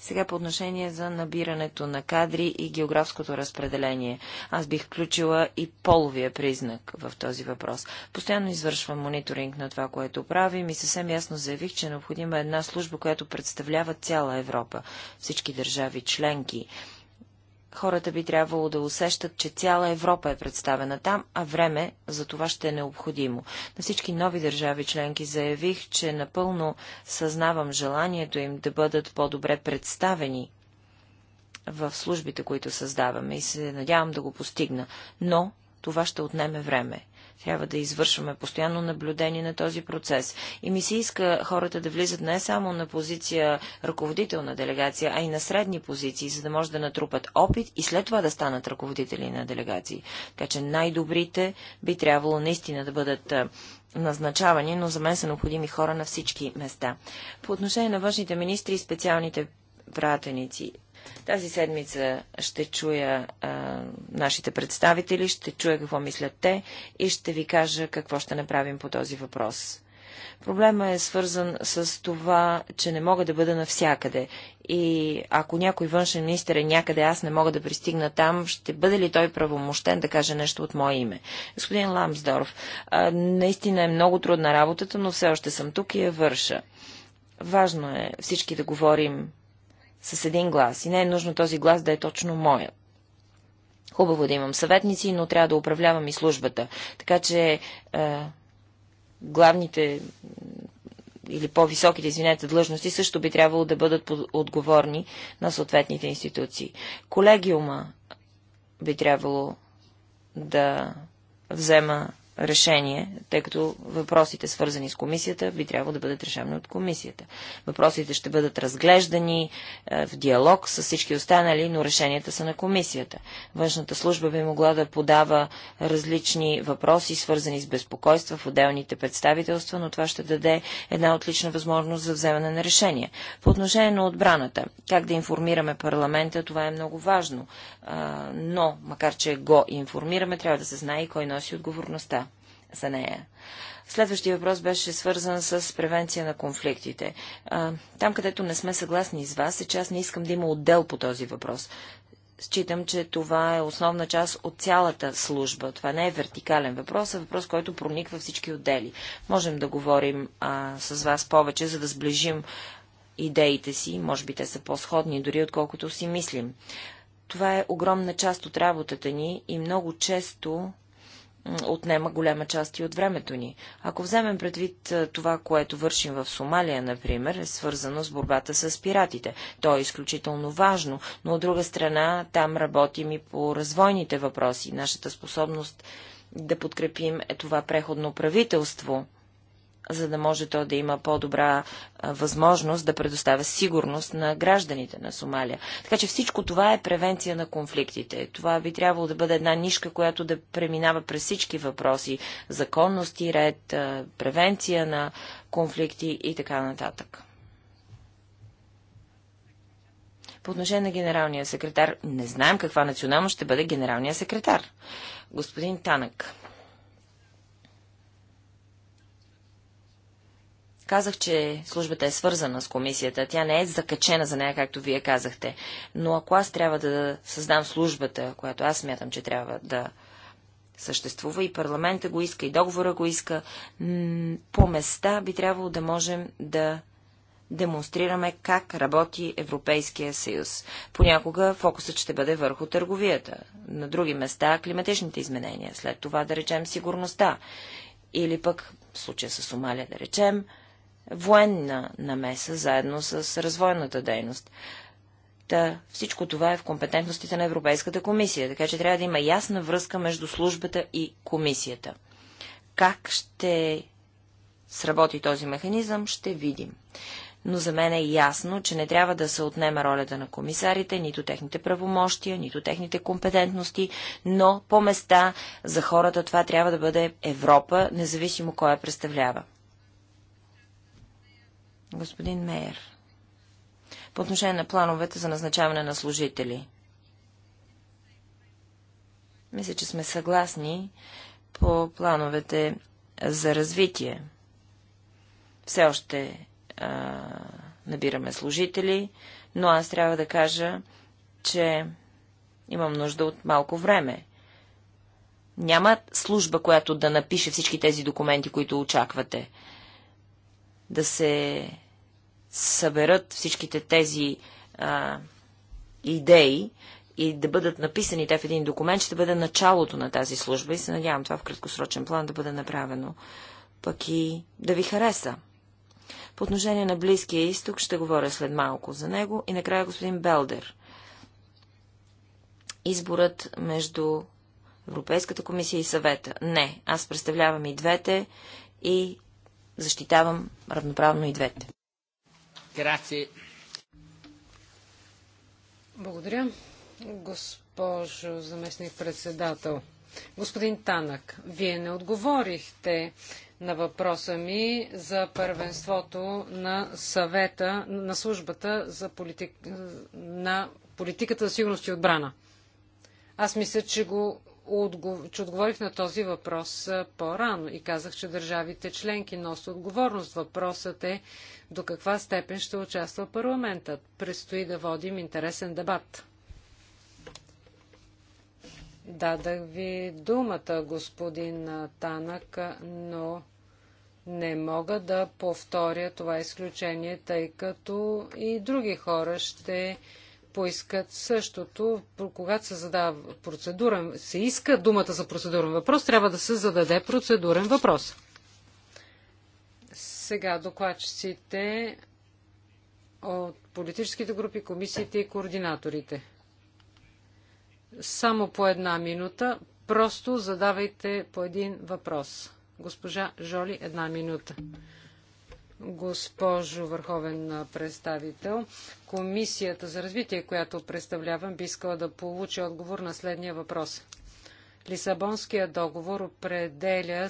Сега по отношение за набирането на кадри и географското разпределение. Аз бих включила и половия признак в този въпрос. Постоянно извършвам мониторинг на това, което правим и съвсем ясно заявих, че е необходима една служба, която представлява цяла Европа, всички държави членки Хората би трябвало да усещат, че цяла Европа е представена там, а време за това ще е необходимо. На всички нови държави членки заявих, че напълно съзнавам желанието им да бъдат по-добре представени в службите, които създаваме и се надявам да го постигна, но това ще отнеме време. Трябва да извършваме постоянно наблюдение на този процес. И ми се иска хората да влизат не само на позиция ръководител на делегация, а и на средни позиции, за да може да натрупат опит и след това да станат ръководители на делегации. Така че най-добрите би трябвало наистина да бъдат назначавани, но за мен са необходими хора на всички места. По отношение на външните министри и специалните пратеници. Тази седмица ще чуя а, нашите представители, ще чуя какво мислят те и ще ви кажа какво ще направим по този въпрос. Проблема е свързан с това, че не мога да бъда навсякъде. И ако някой външен министр е някъде, аз не мога да пристигна там, ще бъде ли той правомощен да каже нещо от мое име? Господин Ламсдорф, а, наистина е много трудна работата, но все още съм тук и я върша. Важно е всички да говорим с един глас и не е нужно този глас да е точно моя. Хубаво да имам съветници, но трябва да управлявам и службата. Така че е, главните или по-високите, извинете, длъжности също би трябвало да бъдат отговорни на съответните институции. Колегиума би трябвало да взема решение, тъй като въпросите, свързани с комисията, би трябвало да бъдат решени от комисията. Въпросите ще бъдат разглеждани е, в диалог с всички останали, но решенията са на комисията. Външната служба би могла да подава различни въпроси, свързани с безпокойства в отделните представителства, но това ще даде една отлична възможност за вземане на решение. По отношение на отбраната, как да информираме парламента, това е много важно. но, макар че го информираме, трябва да се знае и кой носи отговорността за нея. Следващия въпрос беше свързан с превенция на конфликтите. там, където не сме съгласни с вас, е, че аз не искам да има отдел по този въпрос. Считам, че това е основна част от цялата служба. Това не е вертикален въпрос, а въпрос, който прониква всички отдели. Можем да говорим а, с вас повече, за да сближим идеите си. Може би те са по-сходни, дори отколкото си мислим. Това е огромна част от работата ни и много често отнема голяма част и от времето ни. Ако вземем предвид това, което вършим в Сомалия, например, е свързано с борбата с пиратите. То е изключително важно, но от друга страна там работим и по развойните въпроси. Нашата способност да подкрепим е това преходно правителство – за да може то да има по-добра възможност да предоставя сигурност на гражданите на Сомалия. Така че всичко това е превенция на конфликтите. Това би трябвало да бъде една нишка, която да преминава през всички въпроси. Законност и ред, превенция на конфликти и така нататък. По отношение на генералния секретар, не знаем каква национално ще бъде генералния секретар. Господин Танък. Казах, че службата е свързана с комисията. Тя не е закачена за нея, както вие казахте. Но ако аз трябва да създам службата, която аз смятам, че трябва да съществува и парламента го иска, и договора го иска, по места би трябвало да можем да демонстрираме как работи Европейския съюз. Понякога фокусът ще бъде върху търговията, на други места климатичните изменения, след това да речем сигурността или пък в случая с Сомалия да речем военна намеса, заедно с развойната дейност. Та, всичко това е в компетентностите на Европейската комисия, така че трябва да има ясна връзка между службата и комисията. Как ще сработи този механизъм, ще видим. Но за мен е ясно, че не трябва да се отнема ролята на комисарите, нито техните правомощия, нито техните компетентности, но по места за хората това трябва да бъде Европа, независимо кой я представлява. Господин Мейер. По отношение на плановете за назначаване на служители. Мисля, че сме съгласни по плановете за развитие. Все още а, набираме служители, но аз трябва да кажа, че имам нужда от малко време. Няма служба, която да напише всички тези документи, които очаквате. Да се съберат всичките тези а, идеи и да бъдат написани те в един документ, ще бъде началото на тази служба и се надявам това в краткосрочен план да бъде направено. Пък и да ви хареса. По отношение на Близкия изток ще говоря след малко за него и накрая господин Белдер. Изборът между Европейската комисия и съвета. Не, аз представлявам и двете и защитавам равноправно и двете. Grazie. Благодаря. Госпожо заместник председател, господин Танък, вие не отговорихте на въпроса ми за първенството на съвета на службата за политик, на политиката за сигурност и отбрана. Аз мисля, че го че отговорих на този въпрос по-рано и казах, че държавите членки носят отговорност. Въпросът е до каква степен ще участва парламентът. Предстои да водим интересен дебат. Дадах ви думата, господин Танък, но не мога да повторя това изключение, тъй като и други хора ще поискат същото, когато се задава процедурен, се иска думата за процедурен въпрос, трябва да се зададе процедурен въпрос. Сега докладчиците от политическите групи, комисиите и координаторите. Само по една минута. Просто задавайте по един въпрос. Госпожа Жоли, една минута госпожо върховен представител. Комисията за развитие, която представлявам, би искала да получи отговор на следния въпрос. Лисабонският договор определя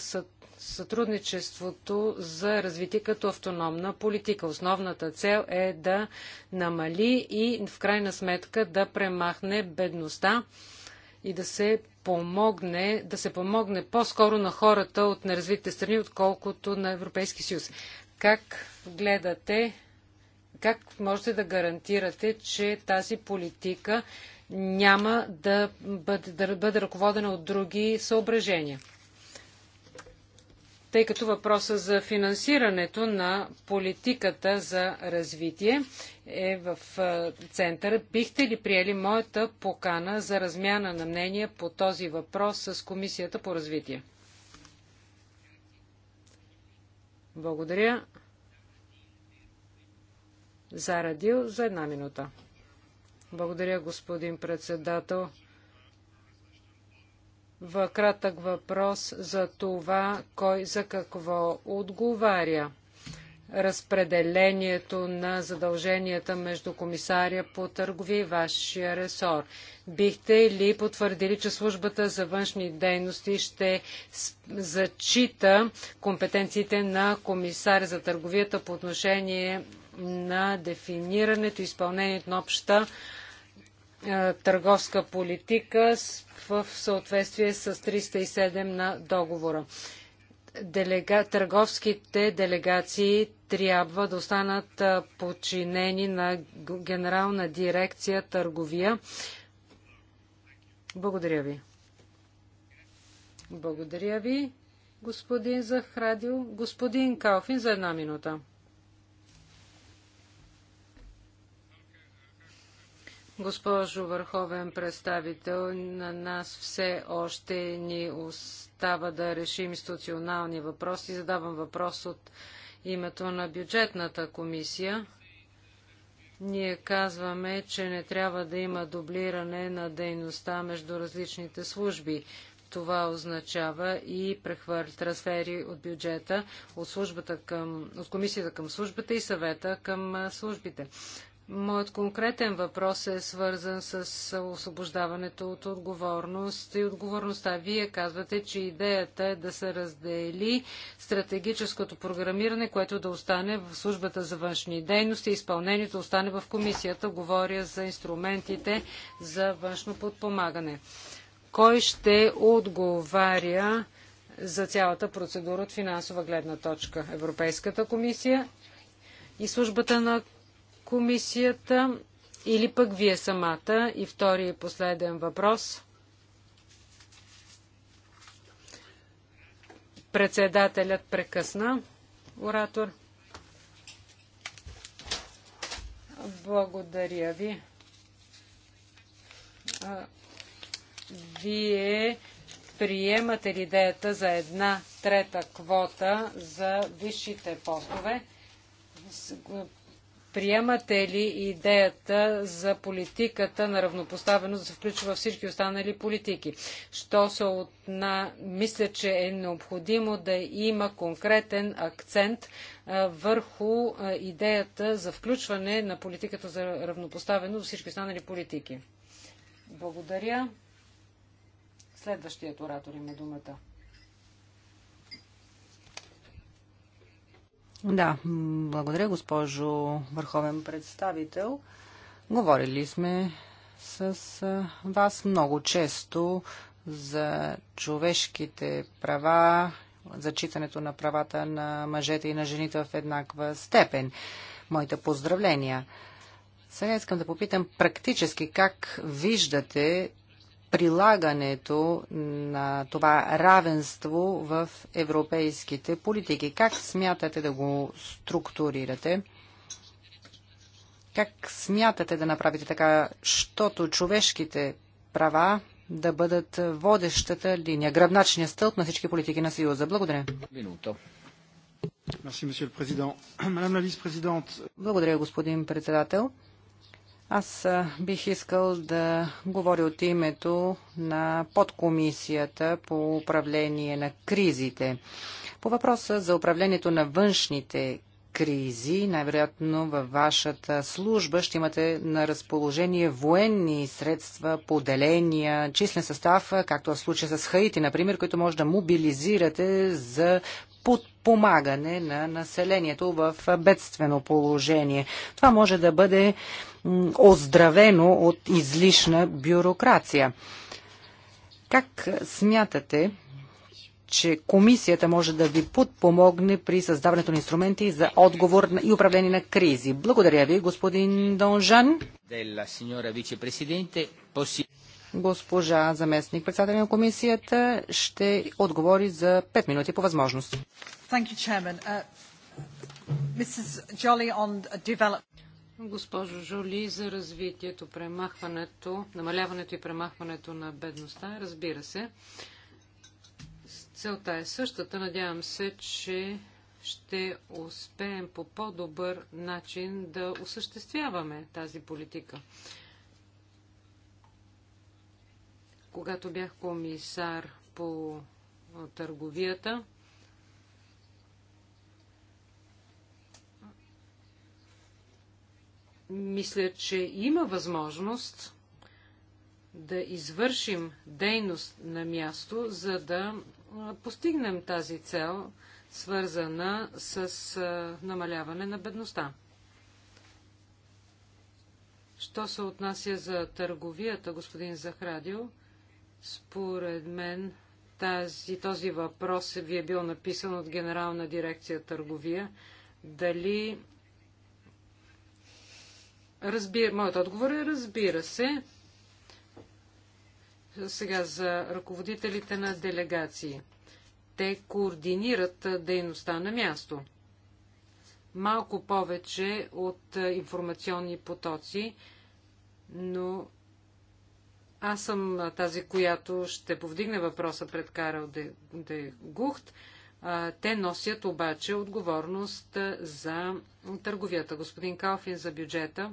сътрудничеството за развитие като автономна политика. Основната цел е да намали и в крайна сметка да премахне бедността и да се помогне, да се помогне по-скоро на хората от неразвитите страни, отколкото на Европейски съюз. Как гледате, как можете да гарантирате, че тази политика няма да бъде, да бъде ръководена от други съображения? Тъй като въпроса за финансирането на политиката за развитие е в центъра, бихте ли приели моята покана за размяна на мнения по този въпрос с Комисията по развитие? Благодаря. Зарадил за една минута. Благодаря, господин председател. В кратък въпрос за това, кой за какво отговаря разпределението на задълженията между комисаря по търговия и вашия ресор. Бихте ли потвърдили, че службата за външни дейности ще зачита компетенциите на комисаря за търговията по отношение на дефинирането и изпълнението на обща е, търговска политика в съответствие с 307 на договора? делега... търговските делегации трябва да останат подчинени на Генерална дирекция търговия. Благодаря ви. Благодаря ви, господин Захрадил. Господин Калфин, за една минута. Госпожо Върховен представител, на нас все още ни остава да решим институционални въпроси. Задавам въпрос от името на бюджетната комисия. Ние казваме, че не трябва да има дублиране на дейността между различните служби. Това означава и прехвър трансфери от бюджета от, службата към, от комисията към службата и съвета към службите. Моят конкретен въпрос е свързан с освобождаването от отговорност и отговорността. Вие казвате, че идеята е да се раздели стратегическото програмиране, което да остане в службата за външни дейности и изпълнението остане в комисията. Говоря за инструментите за външно подпомагане. Кой ще отговаря за цялата процедура от финансова гледна точка? Европейската комисия и службата на комисията или пък вие самата? И втори и последен въпрос. Председателят прекъсна оратор. Благодаря ви. Вие приемате ли идеята за една трета квота за висшите постове? Приемате ли идеята за политиката на равнопоставеност да се включва във всички останали политики? Що се отна... Мисля, че е необходимо да има конкретен акцент а, върху а, идеята за включване на политиката за равнопоставеност във всички останали политики. Благодаря. Следващият оратор има думата. Да, благодаря, госпожо върховен представител. Говорили сме с вас много често за човешките права, зачитането на правата на мъжете и на жените в еднаква степен. Моите поздравления! Сега искам да попитам практически как виждате прилагането на това равенство в европейските политики. Как смятате да го структурирате? Как смятате да направите така, щото човешките права да бъдат водещата линия, гръбначния стълб на всички политики на Съюза? Благодаря. [clears throat] Благодаря, господин председател. Аз бих искал да говоря от името на подкомисията по управление на кризите. По въпроса за управлението на външните кризи, най-вероятно във вашата служба ще имате на разположение военни средства, поделения, числен състав, както в случая с Хаити, например, които може да мобилизирате за подпомагане на населението в бедствено положение. Това може да бъде оздравено от излишна бюрокрация. Как смятате, че комисията може да ви подпомогне при създаването на инструменти за отговор и управление на кризи. Благодаря ви, господин Донжан. Госпожа заместник председател на комисията ще отговори за 5 минути по възможност. Uh, Госпожо Жоли, за развитието, премахването, намаляването и премахването на бедността, разбира се. Целта е същата. Надявам се, че ще успеем по по-добър начин да осъществяваме тази политика. Когато бях комисар по търговията, мисля, че има възможност да извършим дейност на място, за да постигнем тази цел, свързана с намаляване на бедността. Що се отнася за търговията, господин Захрадил, според мен тази, този въпрос ви е бил написан от Генерална дирекция търговия. Дали Разбира... Моят отговор е разбира се. Сега за ръководителите на делегации. Те координират дейността на място. Малко повече от информационни потоци, но аз съм тази, която ще повдигне въпроса пред Карел де, де Гухт. Те носят обаче отговорност за търговията. Господин Калфин за бюджета.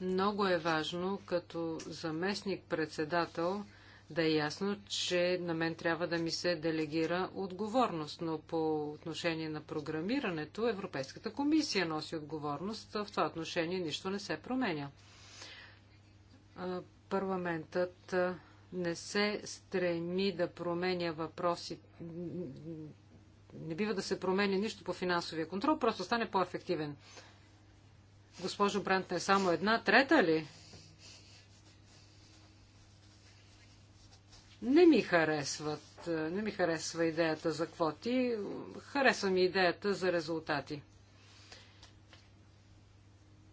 Много е важно като заместник-председател да е ясно, че на мен трябва да ми се делегира отговорност, но по отношение на програмирането Европейската комисия носи отговорност. В това отношение нищо не се променя парламентът не се стреми да променя въпроси. Не бива да се променя нищо по финансовия контрол, просто стане по-ефективен. Госпожо Брант, не само една, трета ли? Не ми харесват. Не ми харесва идеята за квоти. Харесва ми идеята за резултати.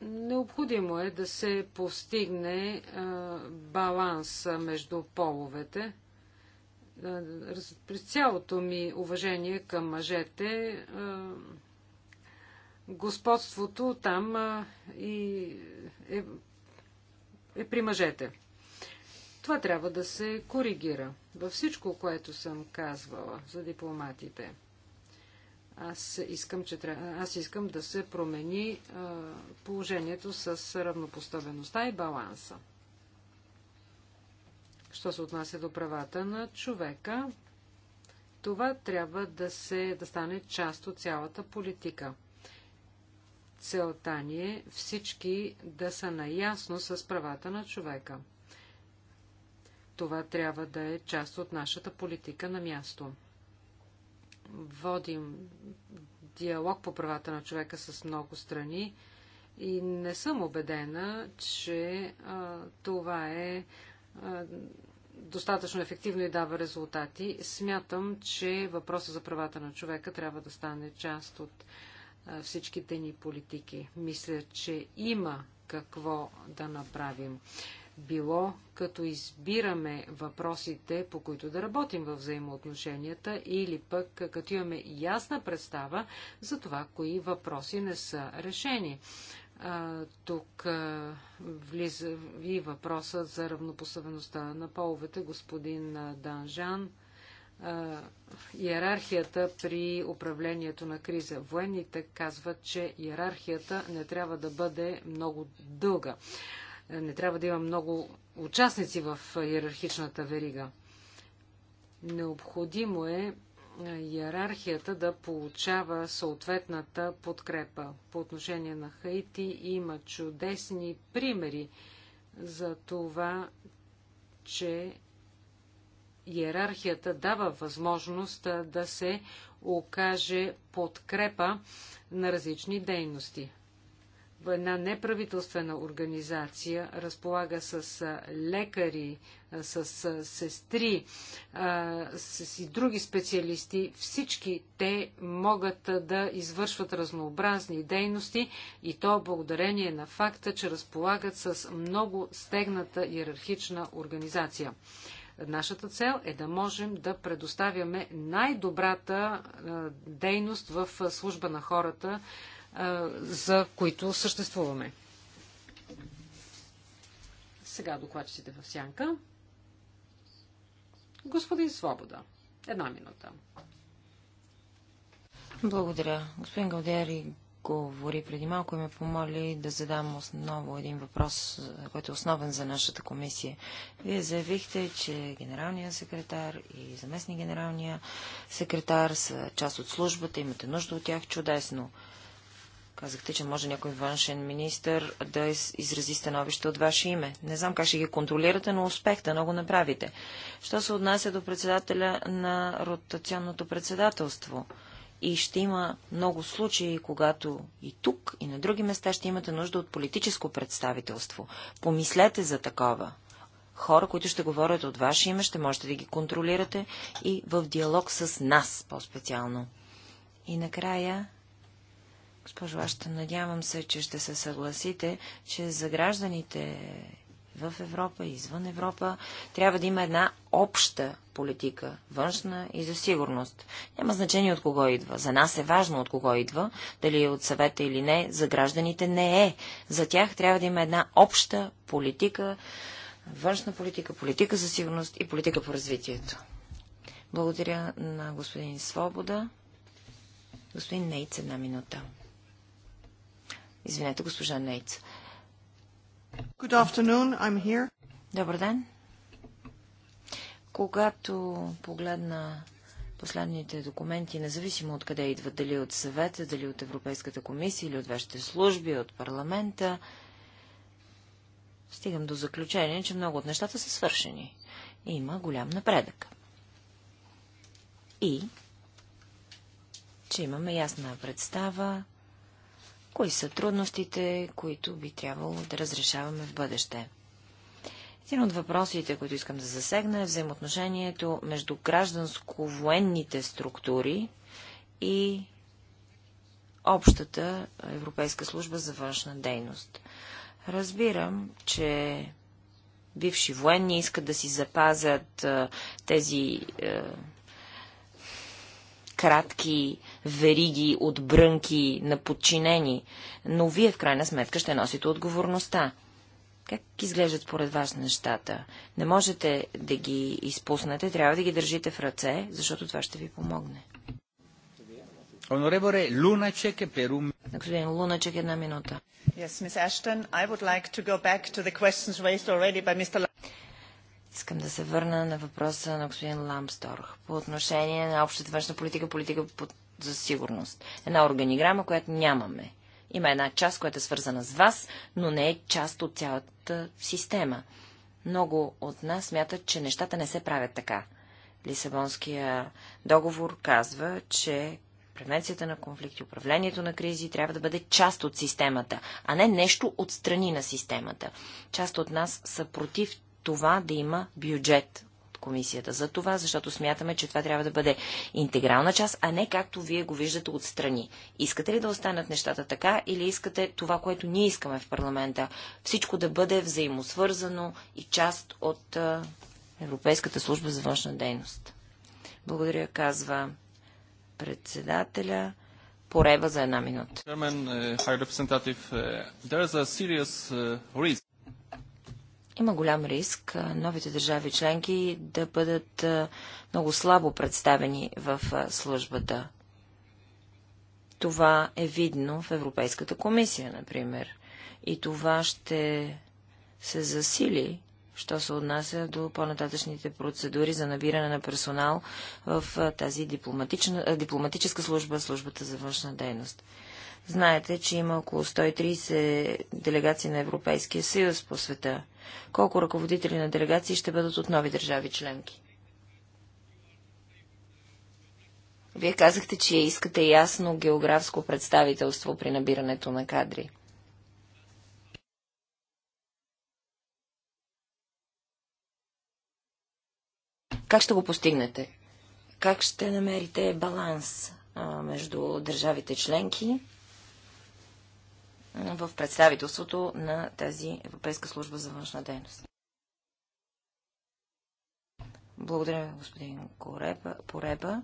Необходимо е да се постигне баланс между половете. При цялото ми уважение към мъжете, господството там и е, е при мъжете. Това трябва да се коригира във всичко, което съм казвала за дипломатите – аз искам, че, аз искам да се промени положението с равнопоставеността и баланса. Що се отнася до правата на човека, това трябва да, се, да стане част от цялата политика. Целта ни е всички да са наясно с правата на човека. Това трябва да е част от нашата политика на място водим диалог по правата на човека с много страни и не съм убедена, че а, това е а, достатъчно ефективно и дава резултати. Смятам, че въпроса за правата на човека трябва да стане част от а, всичките ни политики. Мисля, че има какво да направим било като избираме въпросите, по които да работим във взаимоотношенията, или пък като имаме ясна представа за това, кои въпроси не са решени. А, тук а, влиза и въпроса за равнопоставеността на половете, господин а, Данжан. Иерархията при управлението на криза. Военните казват, че иерархията не трябва да бъде много дълга. Не трябва да има много участници в иерархичната верига. Необходимо е, е иерархията да получава съответната подкрепа. По отношение на Хаити има чудесни примери за това, че иерархията дава възможност да се окаже подкрепа на различни дейности една неправителствена организация разполага с лекари, с сестри, с и други специалисти, всички те могат да извършват разнообразни дейности и то благодарение на факта, че разполагат с много стегната иерархична организация. Нашата цел е да можем да предоставяме най-добрата дейност в служба на хората, за които съществуваме. Сега докладчите в сянка. Господин Свобода, една минута. Благодаря. Господин Галдери говори преди малко и ме помоли да задам основно един въпрос, който е основен за нашата комисия. Вие заявихте, че генералният секретар и заместни генералния секретар са част от службата, имате нужда от тях чудесно. Казахте, че може някой външен министр да изрази становище от ваше име. Не знам как ще ги контролирате, но успех да много направите. Що се отнася до председателя на ротационното председателство? И ще има много случаи, когато и тук, и на други места ще имате нужда от политическо представителство. Помислете за такова. Хора, които ще говорят от ваше име, ще можете да ги контролирате и в диалог с нас по-специално. И накрая Госпожо Аща, надявам се, че ще се съгласите, че за гражданите в Европа и извън Европа трябва да има една обща политика, външна и за сигурност. Няма значение от кого идва. За нас е важно от кого идва, дали е от съвета или не. За гражданите не е. За тях трябва да има една обща политика, външна политика, политика за сигурност и политика по развитието. Благодаря на господин Свобода. Господин Нейц, една минута. Извинете, госпожа Нейц. Good afternoon, I'm here. Добър ден. Когато погледна последните документи, независимо от къде идват, дали от съвета, дали от Европейската комисия, или от вашите служби, от парламента, стигам до заключение, че много от нещата са свършени. И има голям напредък. И, че имаме ясна представа кои са трудностите, които би трябвало да разрешаваме в бъдеще. Един от въпросите, които искам да засегна е взаимоотношението между гражданско-военните структури и общата Европейска служба за външна дейност. Разбирам, че бивши военни искат да си запазят тези кратки вериги от брънки на подчинени, но вие в крайна сметка ще носите отговорността. Как изглеждат според вас нещата? Не можете да ги изпуснете, трябва да ги държите в ръце, защото това ще ви помогне. Господин Луначек, една минута. Искам да се върна на въпроса на господин Ламсторх по отношение на общата външна политика, политика по за сигурност. Една органиграма, която нямаме. Има една част, която е свързана с вас, но не е част от цялата система. Много от нас смятат, че нещата не се правят така. Лисабонския договор казва, че превенцията на конфликти, управлението на кризи трябва да бъде част от системата, а не нещо отстрани на системата. Част от нас са против това да има бюджет комисията за това, защото смятаме, че това трябва да бъде интегрална част, а не както вие го виждате отстрани. Искате ли да останат нещата така или искате това, което ние искаме в парламента, всичко да бъде взаимосвързано и част от Европейската служба за външна дейност? Благодаря, казва председателя. Порева за една минута. Uh, има голям риск новите държави членки да бъдат много слабо представени в службата. Това е видно в Европейската комисия, например. И това ще се засили, що се отнася до по-нататъчните процедури за набиране на персонал в тази дипломатична, дипломатическа служба, службата за външна дейност. Знаете, че има около 130 делегации на Европейския съюз по света. Колко ръководители на делегации ще бъдат от нови държави членки? Вие казахте, че искате ясно географско представителство при набирането на кадри. Как ще го постигнете? Как ще намерите баланс а, между държавите членки в представителството на тази Европейска служба за външна дейност. Благодаря, господин Пореба.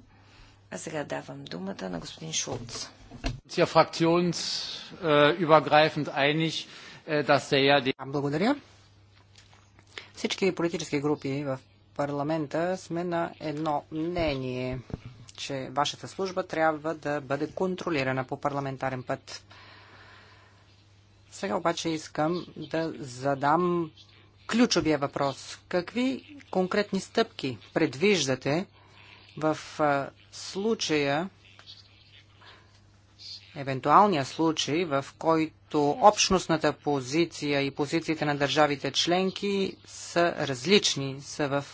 А сега давам думата на господин Шулц. Äh, äh, благодаря. Всички политически групи в парламента сме на едно мнение, че вашата служба трябва да бъде контролирана по парламентарен път. Сега обаче искам да задам ключовия въпрос. Какви конкретни стъпки предвиждате в случая, евентуалния случай, в който общностната позиция и позициите на държавите членки са различни, са в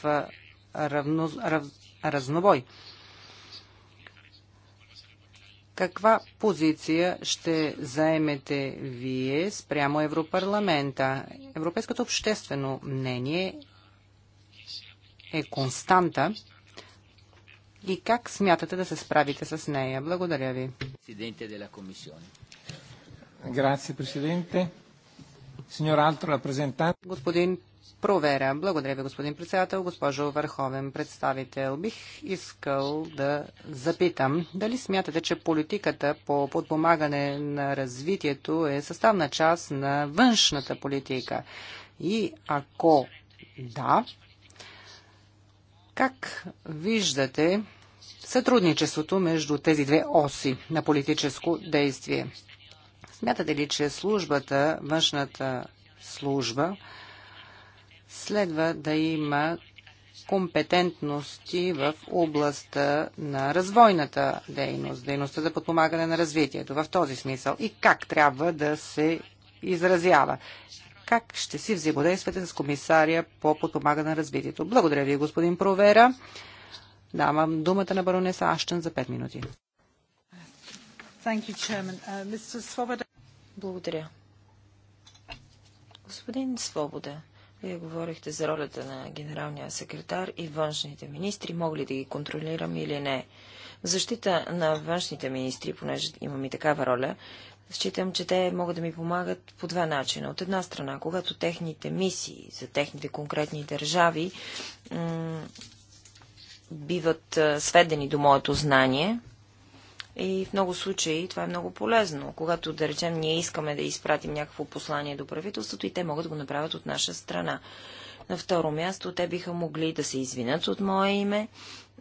равно, рав, разнобой? Каква позиция ще заемете вие спрямо Европарламента? Европейското обществено мнение е константа и как смятате да се справите с нея? Благодаря ви. Господин Проверя. Благодаря ви, господин председател. Госпожо Върховен представител, бих искал да запитам дали смятате, че политиката по подпомагане на развитието е съставна част на външната политика? И ако да, как виждате сътрудничеството между тези две оси на политическо действие? Смятате ли, че службата, външната служба, следва да има компетентности в областта на развойната дейност, дейността за подпомагане на развитието в този смисъл и как трябва да се изразява. Как ще си взаимодействате с комисария по подпомагане на развитието? Благодаря ви, господин Провера. Давам думата на баронеса Аштен за 5 минути. Uh, Благодаря. Господин Свобода, вие говорихте за ролята на генералния секретар и външните министри. Мога ли да ги контролирам или не? Защита на външните министри, понеже имам и такава роля, Считам, че те могат да ми помагат по два начина. От една страна, когато техните мисии за техните конкретни държави биват сведени до моето знание, и в много случаи това е много полезно. Когато, да речем, ние искаме да изпратим някакво послание до правителството и те могат да го направят от наша страна. На второ място, те биха могли да се извинят от мое име,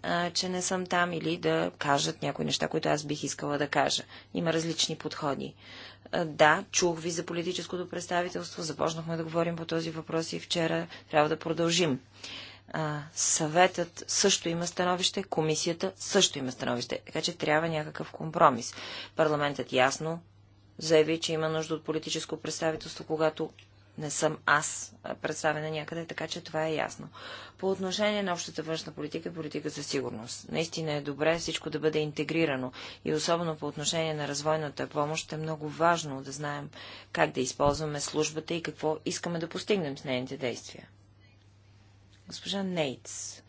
а, че не съм там, или да кажат някои неща, които аз бих искала да кажа. Има различни подходи. А, да, чух ви за политическото представителство, започнахме да говорим по този въпрос и вчера трябва да продължим. А, съветът също има становище, комисията също има становище, така че трябва някакъв компромис. Парламентът ясно заяви, че има нужда от политическо представителство, когато не съм аз представена някъде, така че това е ясно. По отношение на общата външна политика и политика за сигурност. Наистина е добре всичко да бъде интегрирано и особено по отношение на развойната помощ е много важно да знаем как да използваме службата и какво искаме да постигнем с нейните действия. Госпожа Нейтс,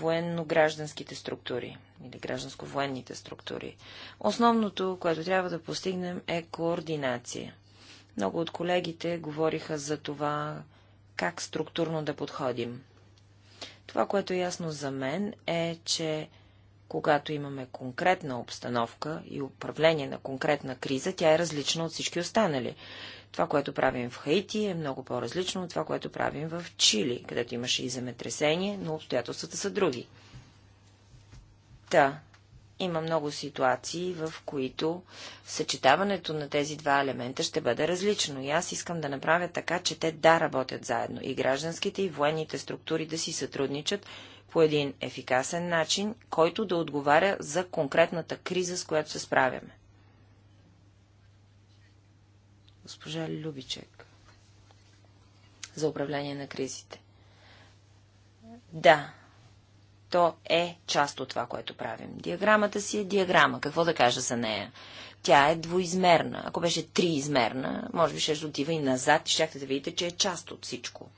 военно-гражданските структури или гражданско-военните структури. Основното, което трябва да постигнем е координация. Много от колегите говориха за това, как структурно да подходим. Това, което е ясно за мен, е, че когато имаме конкретна обстановка и управление на конкретна криза, тя е различна от всички останали. Това, което правим в Хаити е много по-различно от това, което правим в Чили, където имаше и земетресение, но обстоятелствата са други. Та, има много ситуации, в които съчетаването на тези два елемента ще бъде различно. И аз искам да направя така, че те да работят заедно. И гражданските, и военните структури да си сътрудничат по един ефикасен начин, който да отговаря за конкретната криза, с която се справяме. Госпожа Любичек. За управление на кризите. Да, то е част от това, което правим. Диаграмата си е диаграма. Какво да кажа за нея? Тя е двоизмерна. Ако беше триизмерна, може би ще отива и назад и щяхте да видите, че е част от всичко.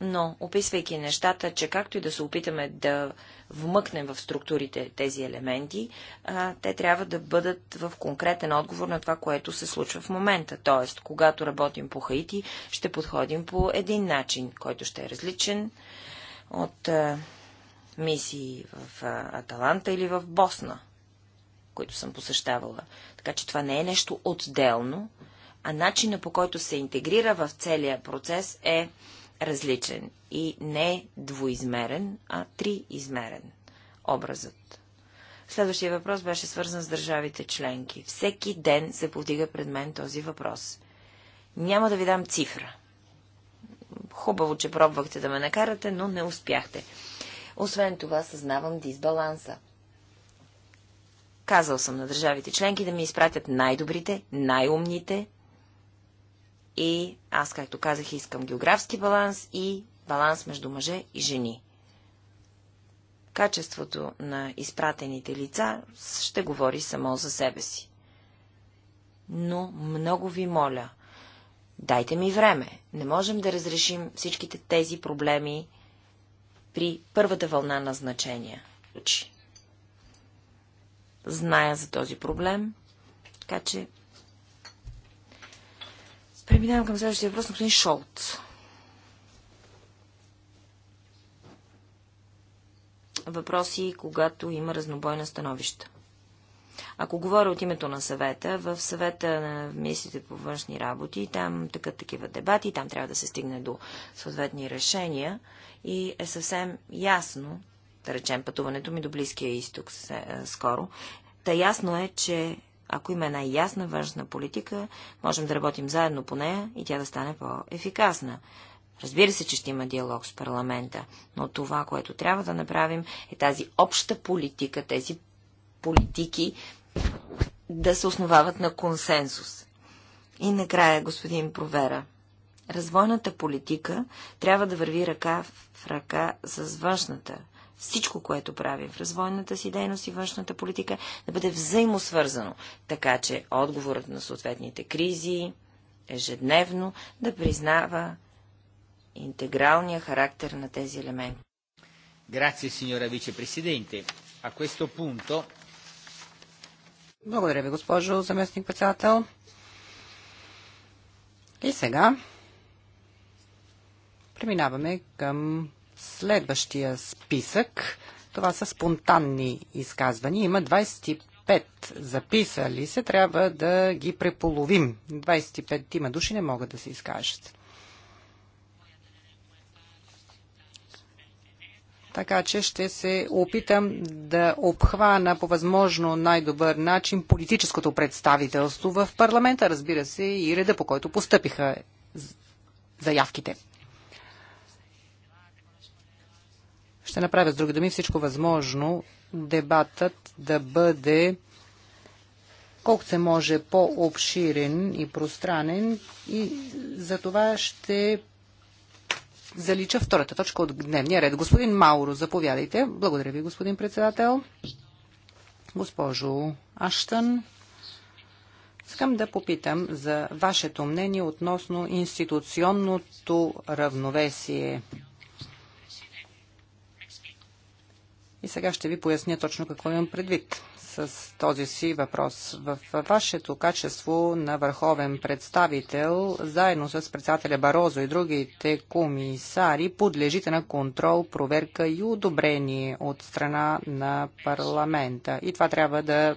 Но, описвайки нещата, че както и да се опитаме да вмъкнем в структурите тези елементи, а, те трябва да бъдат в конкретен отговор на това, което се случва в момента. Тоест, когато работим по Хаити, ще подходим по един начин, който ще е различен от а, мисии в а, Аталанта или в Босна, които съм посещавала. Така че това не е нещо отделно, а начина по който се интегрира в целия процес е различен и не двуизмерен, двоизмерен, а триизмерен образът. Следващия въпрос беше свързан с държавите членки. Всеки ден се повдига пред мен този въпрос. Няма да ви дам цифра. Хубаво, че пробвахте да ме накарате, но не успяхте. Освен това, съзнавам дисбаланса. Казал съм на държавите членки да ми изпратят най-добрите, най-умните, и аз, както казах, искам географски баланс и баланс между мъже и жени. Качеството на изпратените лица ще говори само за себе си. Но много ви моля, дайте ми време. Не можем да разрешим всичките тези проблеми при първата вълна на значения. Значи, зная за този проблем, така че Преминавам към следващия въпрос на господин Шолт. Въпроси, когато има разнобойна становища. Ако говоря от името на съвета, в съвета на мислите по външни работи, там такът такива дебати, там трябва да се стигне до съответни решения и е съвсем ясно, да речем пътуването ми до Близкия изток е, скоро, та ясно е, че ако има една ясна външна политика, можем да работим заедно по нея и тя да стане по-ефикасна. Разбира се, че ще има диалог с парламента, но това, което трябва да направим, е тази обща политика, тези политики да се основават на консенсус. И накрая, господин Провера, развойната политика трябва да върви ръка в ръка с външната всичко, което правим в развойната си дейност и външната политика, да бъде взаимосвързано, така че отговорът на съответните кризи ежедневно да признава интегралния характер на тези елементи. сеньора вице-президенте. А questo punto... Благодаря ви, госпожо заместник-председател. И сега преминаваме към Следващия списък, това са спонтанни изказвания. Има 25 записали се, трябва да ги преполовим. 25 тима души не могат да се изкажат. Така че ще се опитам да обхвана по възможно най-добър начин политическото представителство в парламента, разбира се, и реда по който постъпиха заявките. ще направя с други думи всичко възможно дебатът да бъде колкото се може по-обширен и пространен и за това ще залича втората точка от дневния ред. Господин Мауро, заповядайте. Благодаря ви, господин председател. Госпожо Аштън, искам да попитам за вашето мнение относно институционното равновесие И сега ще ви поясня точно какво имам предвид с този си въпрос. В вашето качество на върховен представител, заедно с председателя Барозо и другите комисари, подлежите на контрол, проверка и одобрение от страна на парламента. И това трябва да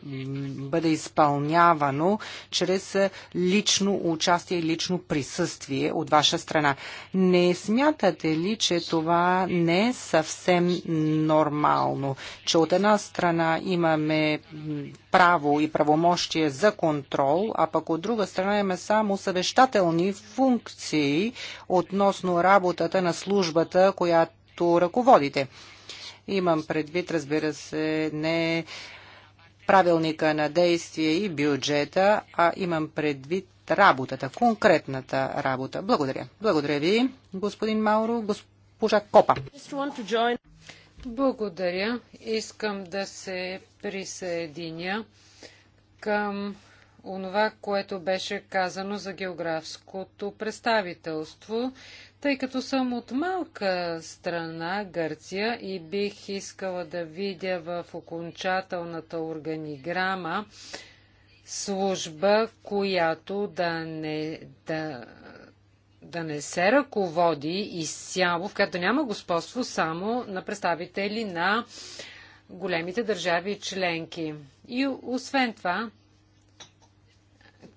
бъде изпълнявано чрез лично участие и лично присъствие от ваша страна. Не смятате ли, че това не е съвсем нормално, че от една страна имаме право и правомощие за контрол, а пък от друга страна има само съвещателни функции относно работата на службата, която ръководите. Имам предвид, разбира се, не правилника на действие и бюджета, а имам предвид работата, конкретната работа. Благодаря. Благодаря ви, господин Мауро, госпожа Копа. Благодаря. Искам да се присъединя към онова, което беше казано за географското представителство, тъй като съм от малка страна, Гърция, и бих искала да видя в окончателната органиграма служба, която да не, да, да не се ръководи изцяло, в която да няма господство само на представители на големите държави и членки. И освен това,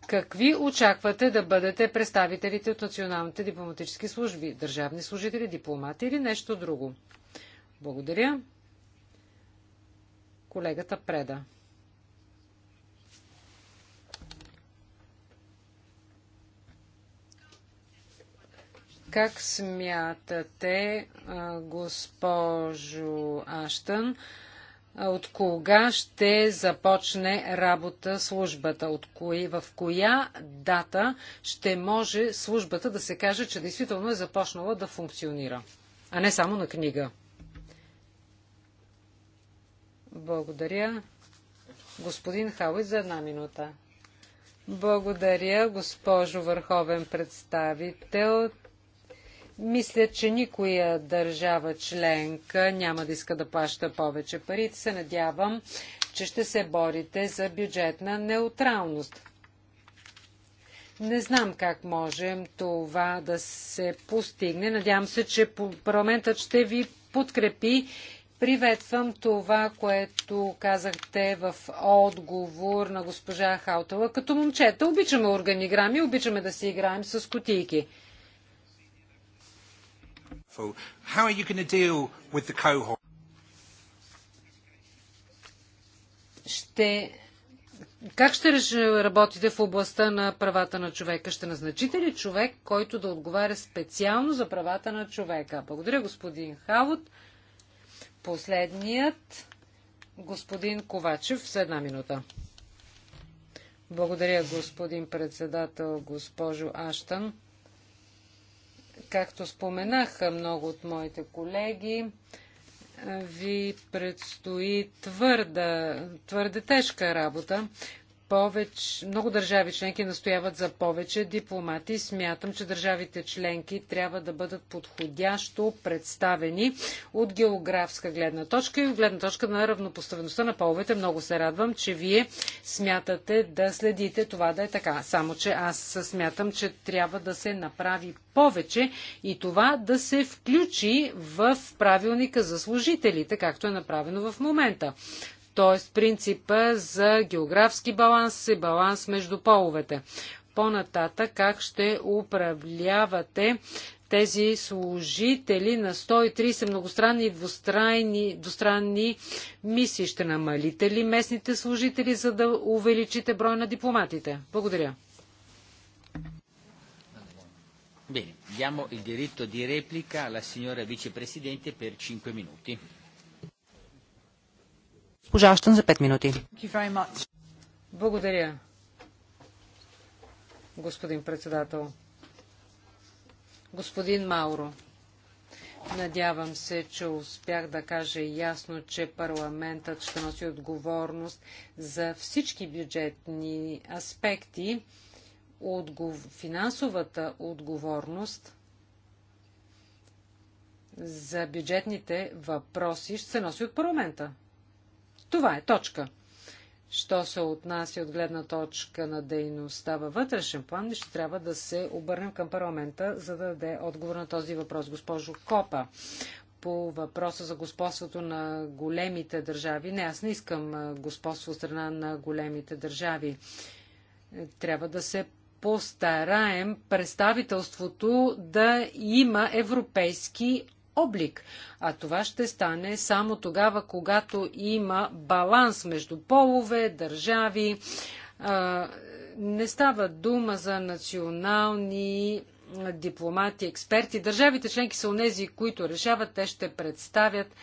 какви очаквате да бъдете представителите от националните дипломатически служби? Държавни служители, дипломати или нещо друго? Благодаря. Колегата Преда. Как смятате, госпожо Аштън, от кога ще започне работа службата? От кои, в коя дата ще може службата да се каже, че действително е започнала да функционира, а не само на книга? Благодаря. Господин Хауи за една минута. Благодаря, госпожо Върховен представител. Мисля, че никоя държава членка няма да иска да плаща повече пари. Се надявам, че ще се борите за бюджетна неутралност. Не знам как можем това да се постигне. Надявам се, че парламентът ще ви подкрепи. Приветствам това, което казахте в отговор на госпожа Хаутала. Като момчета обичаме органиграми, обичаме да си играем с котийки. Ще... Как ще работите в областта на правата на човека? Ще назначите ли човек, който да отговаря специално за правата на човека? Благодаря, господин Хавот. Последният, господин Ковачев, за една минута. Благодаря, господин председател, госпожо Аштан. Както споменаха много от моите колеги, ви предстои твърда, твърде тежка работа повече, много държави членки настояват за повече дипломати. Смятам, че държавите членки трябва да бъдат подходящо представени от географска гледна точка и от гледна точка на равнопоставеността на половете. Много се радвам, че вие смятате да следите това да е така. Само, че аз смятам, че трябва да се направи повече и това да се включи в правилника за служителите, както е направено в момента т.е. принципа за географски баланс и е баланс между половете. По-нататък, как ще управлявате тези служители на 130 многостранни и двустранни, двустранни мисии? Ще намалите ли местните служители, за да увеличите брой на дипломатите? Благодаря. Bene, diamo il diritto di replica alla signora vicepresidente per 5 minuti. Госпожа Аштън за 5 минути. Благодаря, господин председател. Господин Мауро, надявам се, че успях да кажа ясно, че парламентът ще носи отговорност за всички бюджетни аспекти, отгов... финансовата отговорност за бюджетните въпроси ще се носи от парламента. Това е точка. Що се отнася от гледна точка на дейността във вътрешен план, ще трябва да се обърнем към парламента, за да даде отговор на този въпрос. Госпожо Копа, по въпроса за господството на големите държави. Не, аз не искам господство страна на големите държави. Трябва да се постараем представителството да има европейски облик. А това ще стане само тогава, когато има баланс между полове, държави. Не става дума за национални дипломати, експерти. Държавите членки са онези, които решават, те ще представят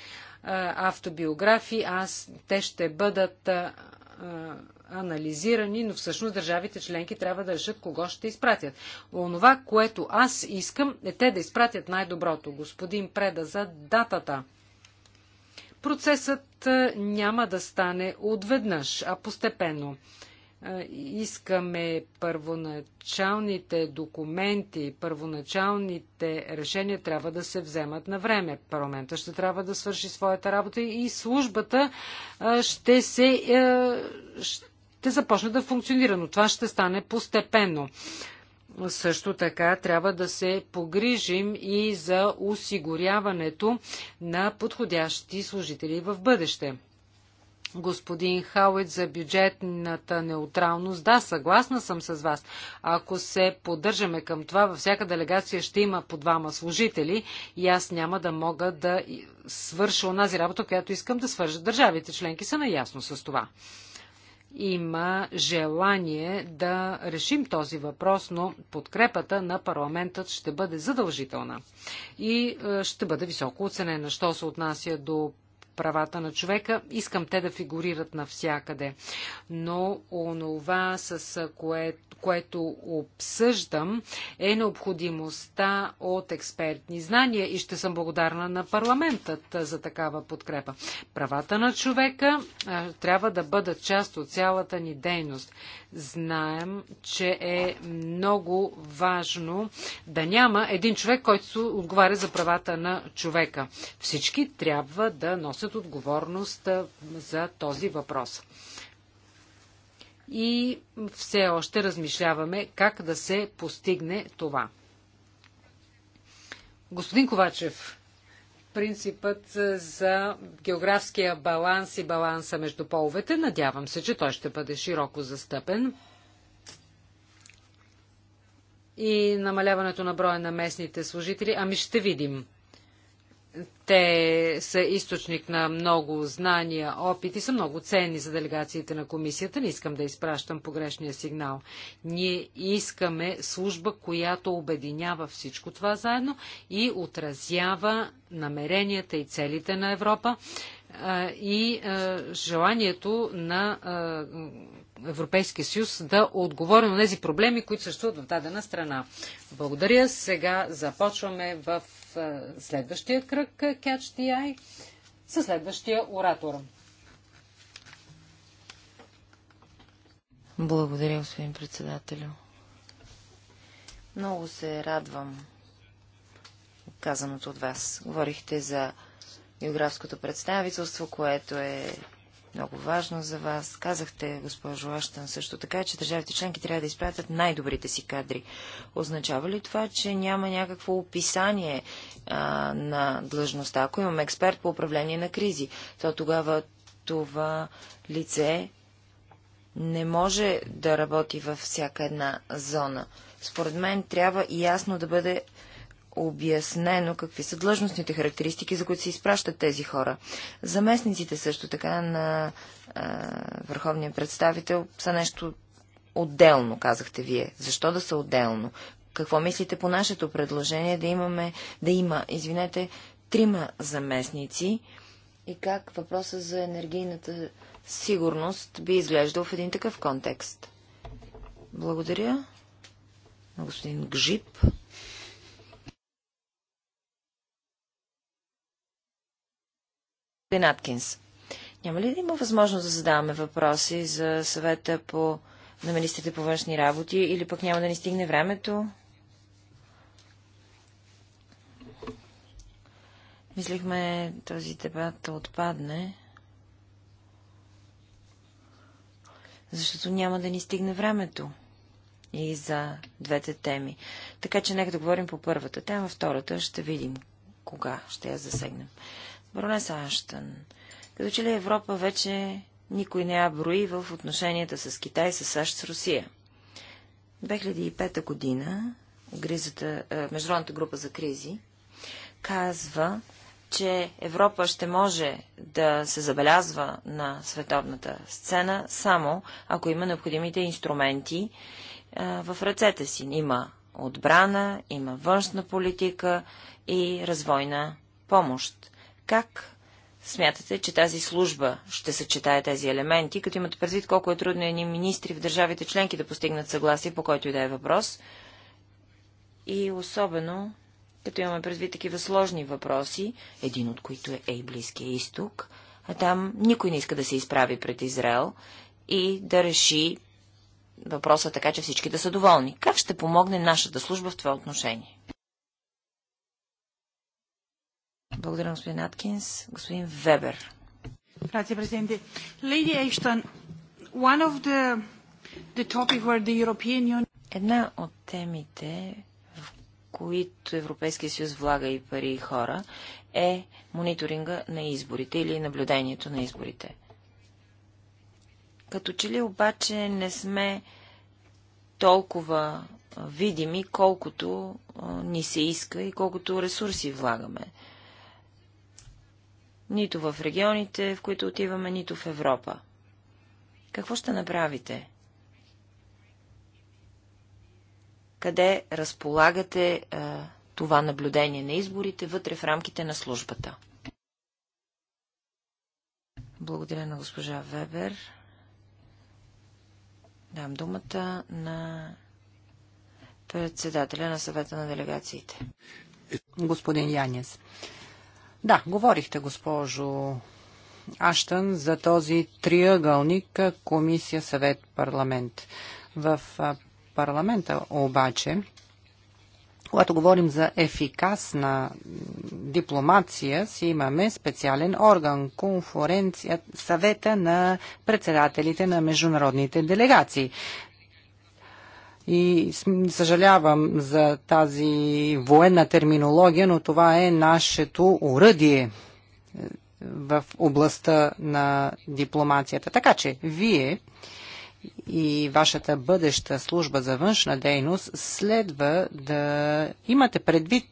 автобиографии, аз те ще бъдат анализирани, но всъщност държавите членки трябва да решат кого ще изпратят. Онова, което аз искам, е те да изпратят най-доброто. Господин Преда за датата. Процесът е, няма да стане отведнъж, а постепенно. Е, искаме първоначалните документи, първоначалните решения трябва да се вземат на време. Парламента ще трябва да свърши своята работа и службата е, ще се ще започне да функционира, но това ще стане постепенно. Също така трябва да се погрижим и за осигуряването на подходящи служители в бъдеще. Господин Хауит за бюджетната неутралност. Да, съгласна съм с вас. Ако се поддържаме към това, във всяка делегация ще има по двама служители и аз няма да мога да свърша онази работа, която искам да свържа. Държавите членки са наясно с това има желание да решим този въпрос, но подкрепата на парламентът ще бъде задължителна и е, ще бъде високо оценена. Що се отнася до правата на човека. Искам те да фигурират навсякъде. Но онова, с кое, което обсъждам, е необходимостта от експертни знания и ще съм благодарна на парламентът за такава подкрепа. Правата на човека а, трябва да бъдат част от цялата ни дейност. Знаем, че е много важно да няма един човек, който отговаря за правата на човека. Всички трябва да носят носят отговорност за този въпрос. И все още размишляваме как да се постигне това. Господин Ковачев, принципът за географския баланс и баланса между половете, надявам се, че той ще бъде широко застъпен и намаляването на броя на местните служители. Ами ще видим. Те са източник на много знания, опит и са много ценни за делегациите на комисията. Не искам да изпращам погрешния сигнал. Ние искаме служба, която обединява всичко това заедно и отразява намеренията и целите на Европа и желанието на Европейския съюз да отговори на тези проблеми, които съществуват в дадена страна. Благодаря. Сега започваме в следващия кръг Catch the Eye със следващия оратор. Благодаря, господин председателю. Много се радвам казаното от вас. Говорихте за географското представителство, което е много важно за вас. Казахте, госпожо Аштан, също така, че държавите членки трябва да изпратят най-добрите си кадри. Означава ли това, че няма някакво описание а, на длъжността? Ако имаме експерт по управление на кризи, то тогава това лице не може да работи във всяка една зона. Според мен трябва ясно да бъде обяснено какви са длъжностните характеристики, за които се изпращат тези хора. Заместниците също така на а, върховния представител са нещо отделно, казахте вие. Защо да са отделно? Какво мислите по нашето предложение да имаме, да има, извинете, трима заместници и как въпроса за енергийната сигурност би изглеждал в един такъв контекст? Благодаря на господин Гжип. Господин Аткинс, няма ли да има възможност да задаваме въпроси за съвета по, на министрите по външни работи или пък няма да ни стигне времето? Мислихме този дебат да отпадне, защото няма да ни стигне времето и за двете теми. Така че нека да говорим по първата тема, втората ще видим кога ще я засегнем. Баронеса Аштън, като че ли Европа вече никой не я брои в отношенията с Китай, с САЩ, с Русия. 2005 година гризата, е, Международната група за кризи казва, че Европа ще може да се забелязва на световната сцена само ако има необходимите инструменти е, в ръцете си. Има отбрана, има външна политика и развойна помощ. Как смятате, че тази служба ще съчетае тези елементи, като имате предвид колко е трудно едни министри в държавите членки да постигнат съгласие, по който и да е въпрос? И особено, като имаме предвид такива сложни въпроси, един от които е и Близкия изток, а там никой не иска да се изправи пред Израел и да реши въпроса така, че всички да са доволни. Как ще помогне нашата служба в това отношение? Благодаря, господин Аткинс. Господин Вебер. Grazie, Presidente. Lady Ashton, one of the, the topic where the European Union... Една от темите, в които Европейския съюз влага и пари и хора, е мониторинга на изборите или наблюдението на изборите. Като че ли обаче не сме толкова видими, колкото ни се иска и колкото ресурси влагаме. Нито в регионите, в които отиваме, нито в Европа. Какво ще направите? Къде разполагате а, това наблюдение на изборите вътре в рамките на службата? Благодаря на госпожа Вебер. Дам думата на председателя на съвета на делегациите. Господин Янец. Да, говорихте, госпожо Аштън, за този триъгълник Комисия, Съвет, Парламент. В парламента обаче, когато говорим за ефикасна дипломация, си имаме специален орган, конференция, съвета на председателите на международните делегации. И съжалявам за тази военна терминология, но това е нашето уръдие е, в областта на дипломацията. Така че, вие и вашата бъдеща служба за външна дейност следва да имате предвид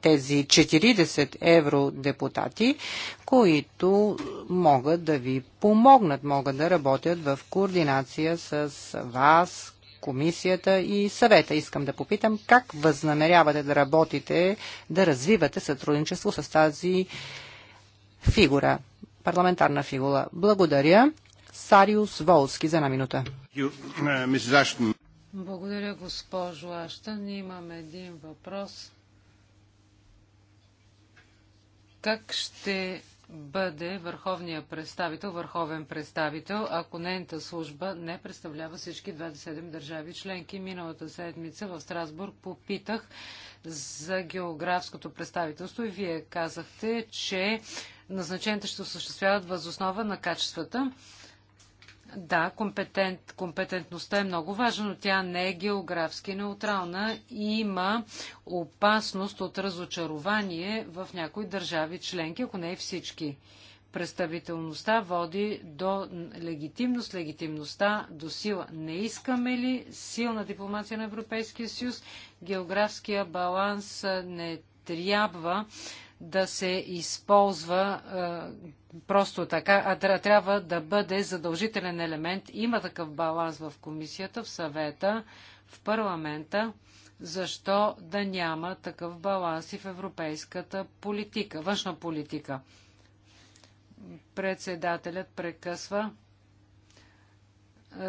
тези 40 евродепутати, които могат да ви помогнат, могат да работят в координация с вас, комисията и съвета. Искам да попитам как възнамерявате да работите, да развивате сътрудничество с тази фигура, парламентарна фигура. Благодаря. Сариус Волски за една минута. Uh, Благодаря, госпожо Аштан. Имам един въпрос. Как ще бъде върховния представител, върховен представител, ако нейната служба не представлява всички 27 държави членки. Миналата седмица в Страсбург попитах за географското представителство и вие казахте, че назначените ще осъществяват възоснова на качествата. Да, компетент, компетентността е много важна, но тя не е географски неутрална и има опасност от разочарование в някои държави членки, ако не и всички. Представителността води до легитимност, легитимността до сила. Не искаме ли силна дипломация на Европейския съюз? Географския баланс не трябва да се използва просто така, а трябва да бъде задължителен елемент. Има такъв баланс в комисията, в съвета, в парламента. Защо да няма такъв баланс и в европейската политика, външна политика? Председателят прекъсва.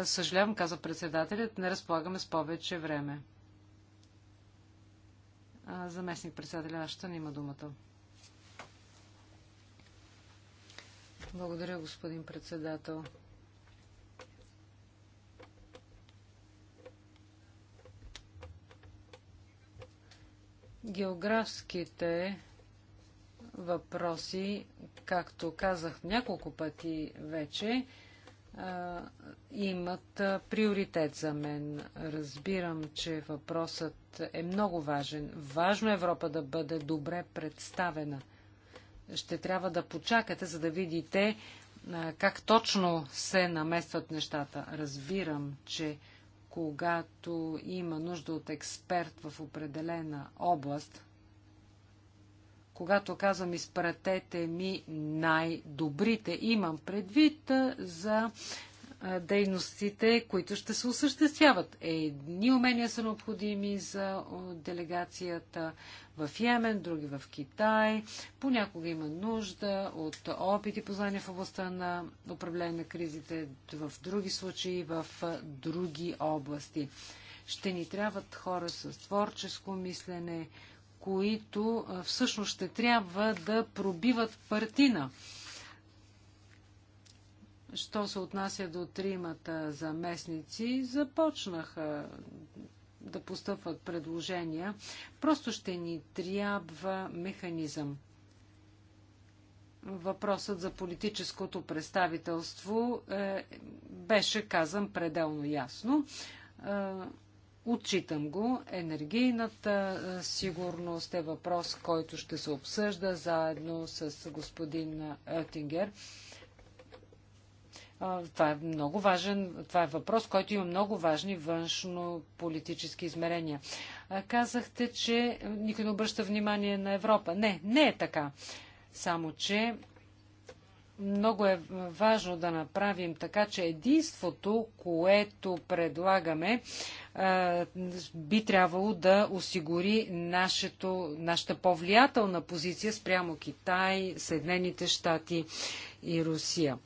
Съжалявам, каза председателят, не разполагаме с повече време. Заместник председателя не има думата. Благодаря, господин председател. Географските въпроси, както казах няколко пъти вече, имат приоритет за мен. Разбирам, че въпросът е много важен. Важно е Европа да бъде добре представена – ще трябва да почакате, за да видите как точно се наместват нещата. Разбирам, че когато има нужда от експерт в определена област, когато казвам изпратете ми най-добрите, имам предвид за дейностите, които ще се осъществяват. Едни умения са необходими за делегацията в Йемен, други в Китай. Понякога има нужда от опит и познания в областта на управление на кризите, в други случаи, в други области. Ще ни трябват хора с творческо мислене, които всъщност ще трябва да пробиват партина Що се отнася до тримата заместници, започнаха да постъпват предложения. Просто ще ни трябва механизъм. Въпросът за политическото представителство е, беше казан пределно ясно. Е, отчитам го. Енергийната е, сигурност е въпрос, който ще се обсъжда заедно с господин Оттингер. Това е много важен, това е въпрос, който има много важни външно-политически измерения. Казахте, че никой не обръща внимание на Европа. Не, не е така. Само, че много е важно да направим така, че единството, което предлагаме, би трябвало да осигури нашето, нашата повлиятелна позиция спрямо Китай, Съединените щати и Русия.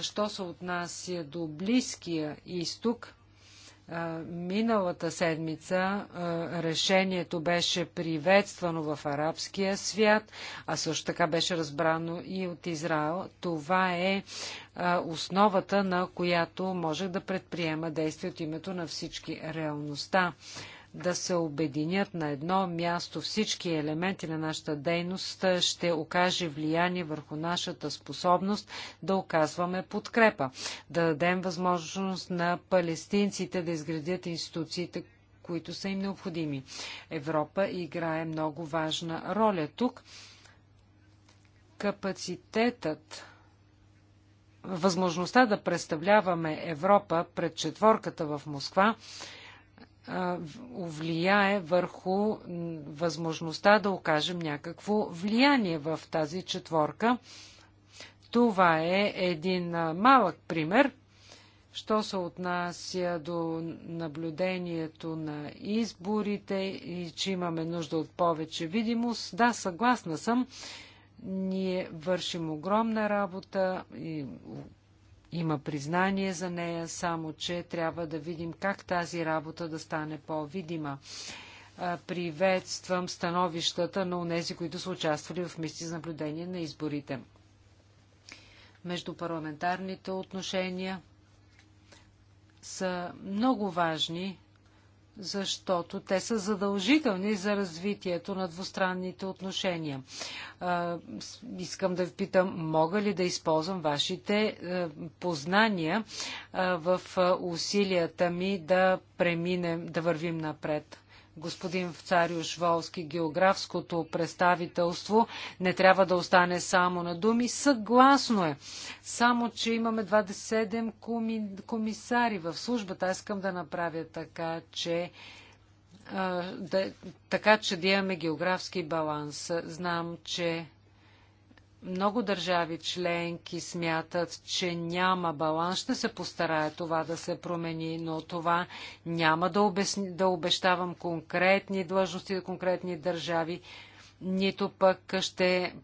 Що се отнася до Близкия изток, миналата седмица решението беше приветствано в арабския свят, а също така беше разбрано и от Израел. Това е основата, на която можех да предприема действие от името на всички реалността да се обединят на едно място всички елементи на нашата дейност, ще окаже влияние върху нашата способност да оказваме подкрепа, да дадем възможност на палестинците да изградят институциите, които са им необходими. Европа играе много важна роля тук. Капацитетът възможността да представляваме Европа пред четворката в Москва влияе върху възможността да окажем някакво влияние в тази четворка. Това е един малък пример. Що се отнася до наблюдението на изборите и че имаме нужда от повече видимост, да, съгласна съм. Ние вършим огромна работа и има признание за нея, само че трябва да видим как тази работа да стане по-видима. Приветствам становищата на унези, които са участвали в мисти за наблюдение на изборите. Между парламентарните отношения са много важни защото те са задължителни за развитието на двустранните отношения. Искам да ви питам, мога ли да използвам вашите е, познания е, в е, усилията ми да преминем, да вървим напред? господин Вцариуш Волски, географското представителство не трябва да остане само на думи. Съгласно е. Само, че имаме 27 комисари в службата. Аз искам да направя така, че да, така че да имаме географски баланс. Знам, че много държави членки смятат, че няма баланс, ще се постарая това да се промени, но това няма да, обясни, да обещавам конкретни длъжности, конкретни държави, нито пък, ще,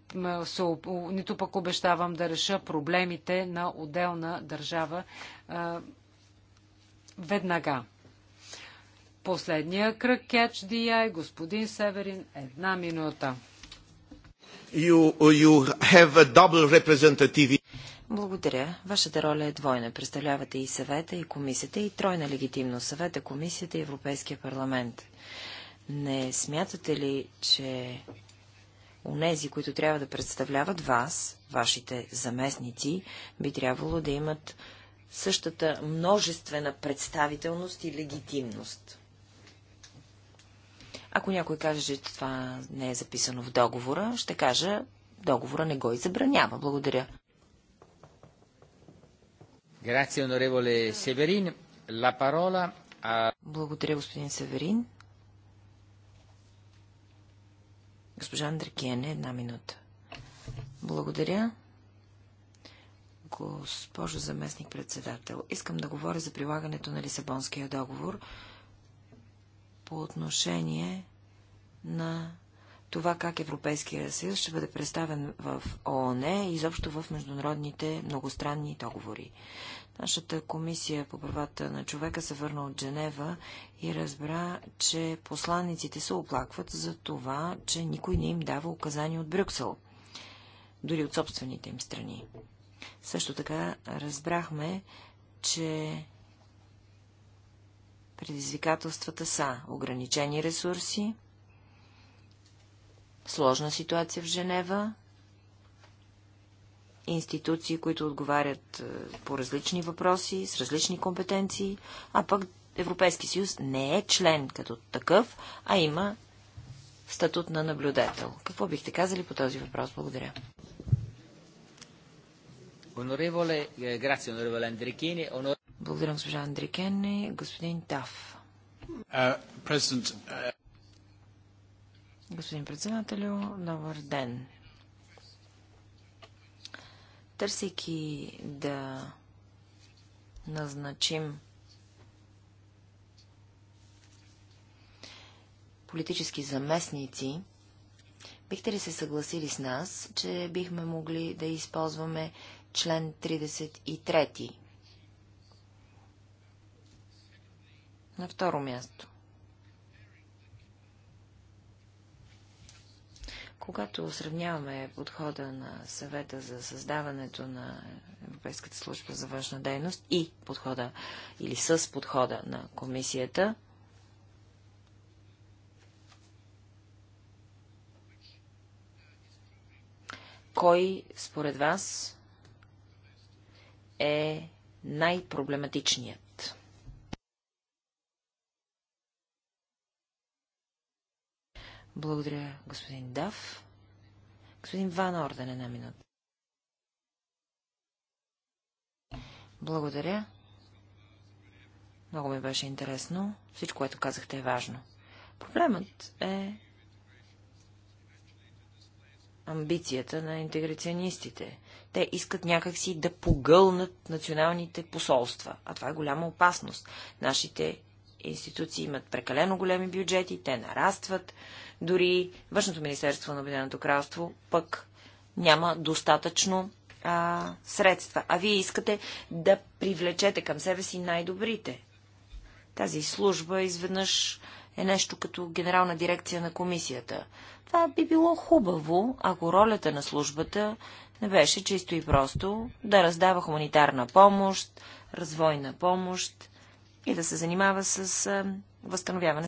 нито пък обещавам да реша проблемите на отделна държава а, веднага. Последния кръг Catch DI, господин Северин, една минута you, uh, you have a double Благодаря. Вашата роля е двойна. Представлявате и съвета, и комисията, и тройна легитимно съвета, комисията и Европейския парламент. Не смятате ли, че онези, които трябва да представляват вас, вашите заместници, би трябвало да имат същата множествена представителност и легитимност? Ако някой каже, че това не е записано в договора, ще кажа, договора не го и забранява. Благодаря. Благодаря, господин Северин. Госпожа Андрекиене, една минута. Благодаря. Госпожо заместник председател, искам да говоря за прилагането на Лисабонския договор, по отношение на това как Европейския съюз ще бъде представен в ООН и изобщо в международните многостранни договори. Нашата комисия по правата на човека се върна от Женева и разбра, че посланниците се оплакват за това, че никой не им дава указания от Брюксел, дори от собствените им страни. Също така разбрахме, че Предизвикателствата са ограничени ресурси, сложна ситуация в Женева, институции, които отговарят е, по различни въпроси, с различни компетенции, а пък Европейски съюз не е член като такъв, а има статут на наблюдател. Какво бихте казали по този въпрос? Благодаря. Eh, благодаря, госпожа Андрикен. Господин Таф. Uh, uh... Господин председателю, добър ден. Търсейки да назначим политически заместници, бихте ли се съгласили с нас, че бихме могли да използваме член 33 На второ място. Когато сравняваме подхода на съвета за създаването на Европейската служба за външна дейност и подхода или с подхода на комисията, кой според вас е най-проблематичният? Благодаря, господин Дав. Господин Ван Орден, една минута. Благодаря. Много ми беше интересно. Всичко, което казахте, е важно. Проблемът е амбицията на интеграционистите. Те искат някакси да погълнат националните посолства, а това е голяма опасност. Нашите институции имат прекалено големи бюджети, те нарастват, дори Външното министерство на Обединеното кралство пък няма достатъчно а, средства. А вие искате да привлечете към себе си най-добрите. Тази служба изведнъж е нещо като генерална дирекция на комисията. Това би било хубаво, ако ролята на службата не беше чисто и просто да раздава хуманитарна помощ, развойна помощ и да се занимава с възстановяване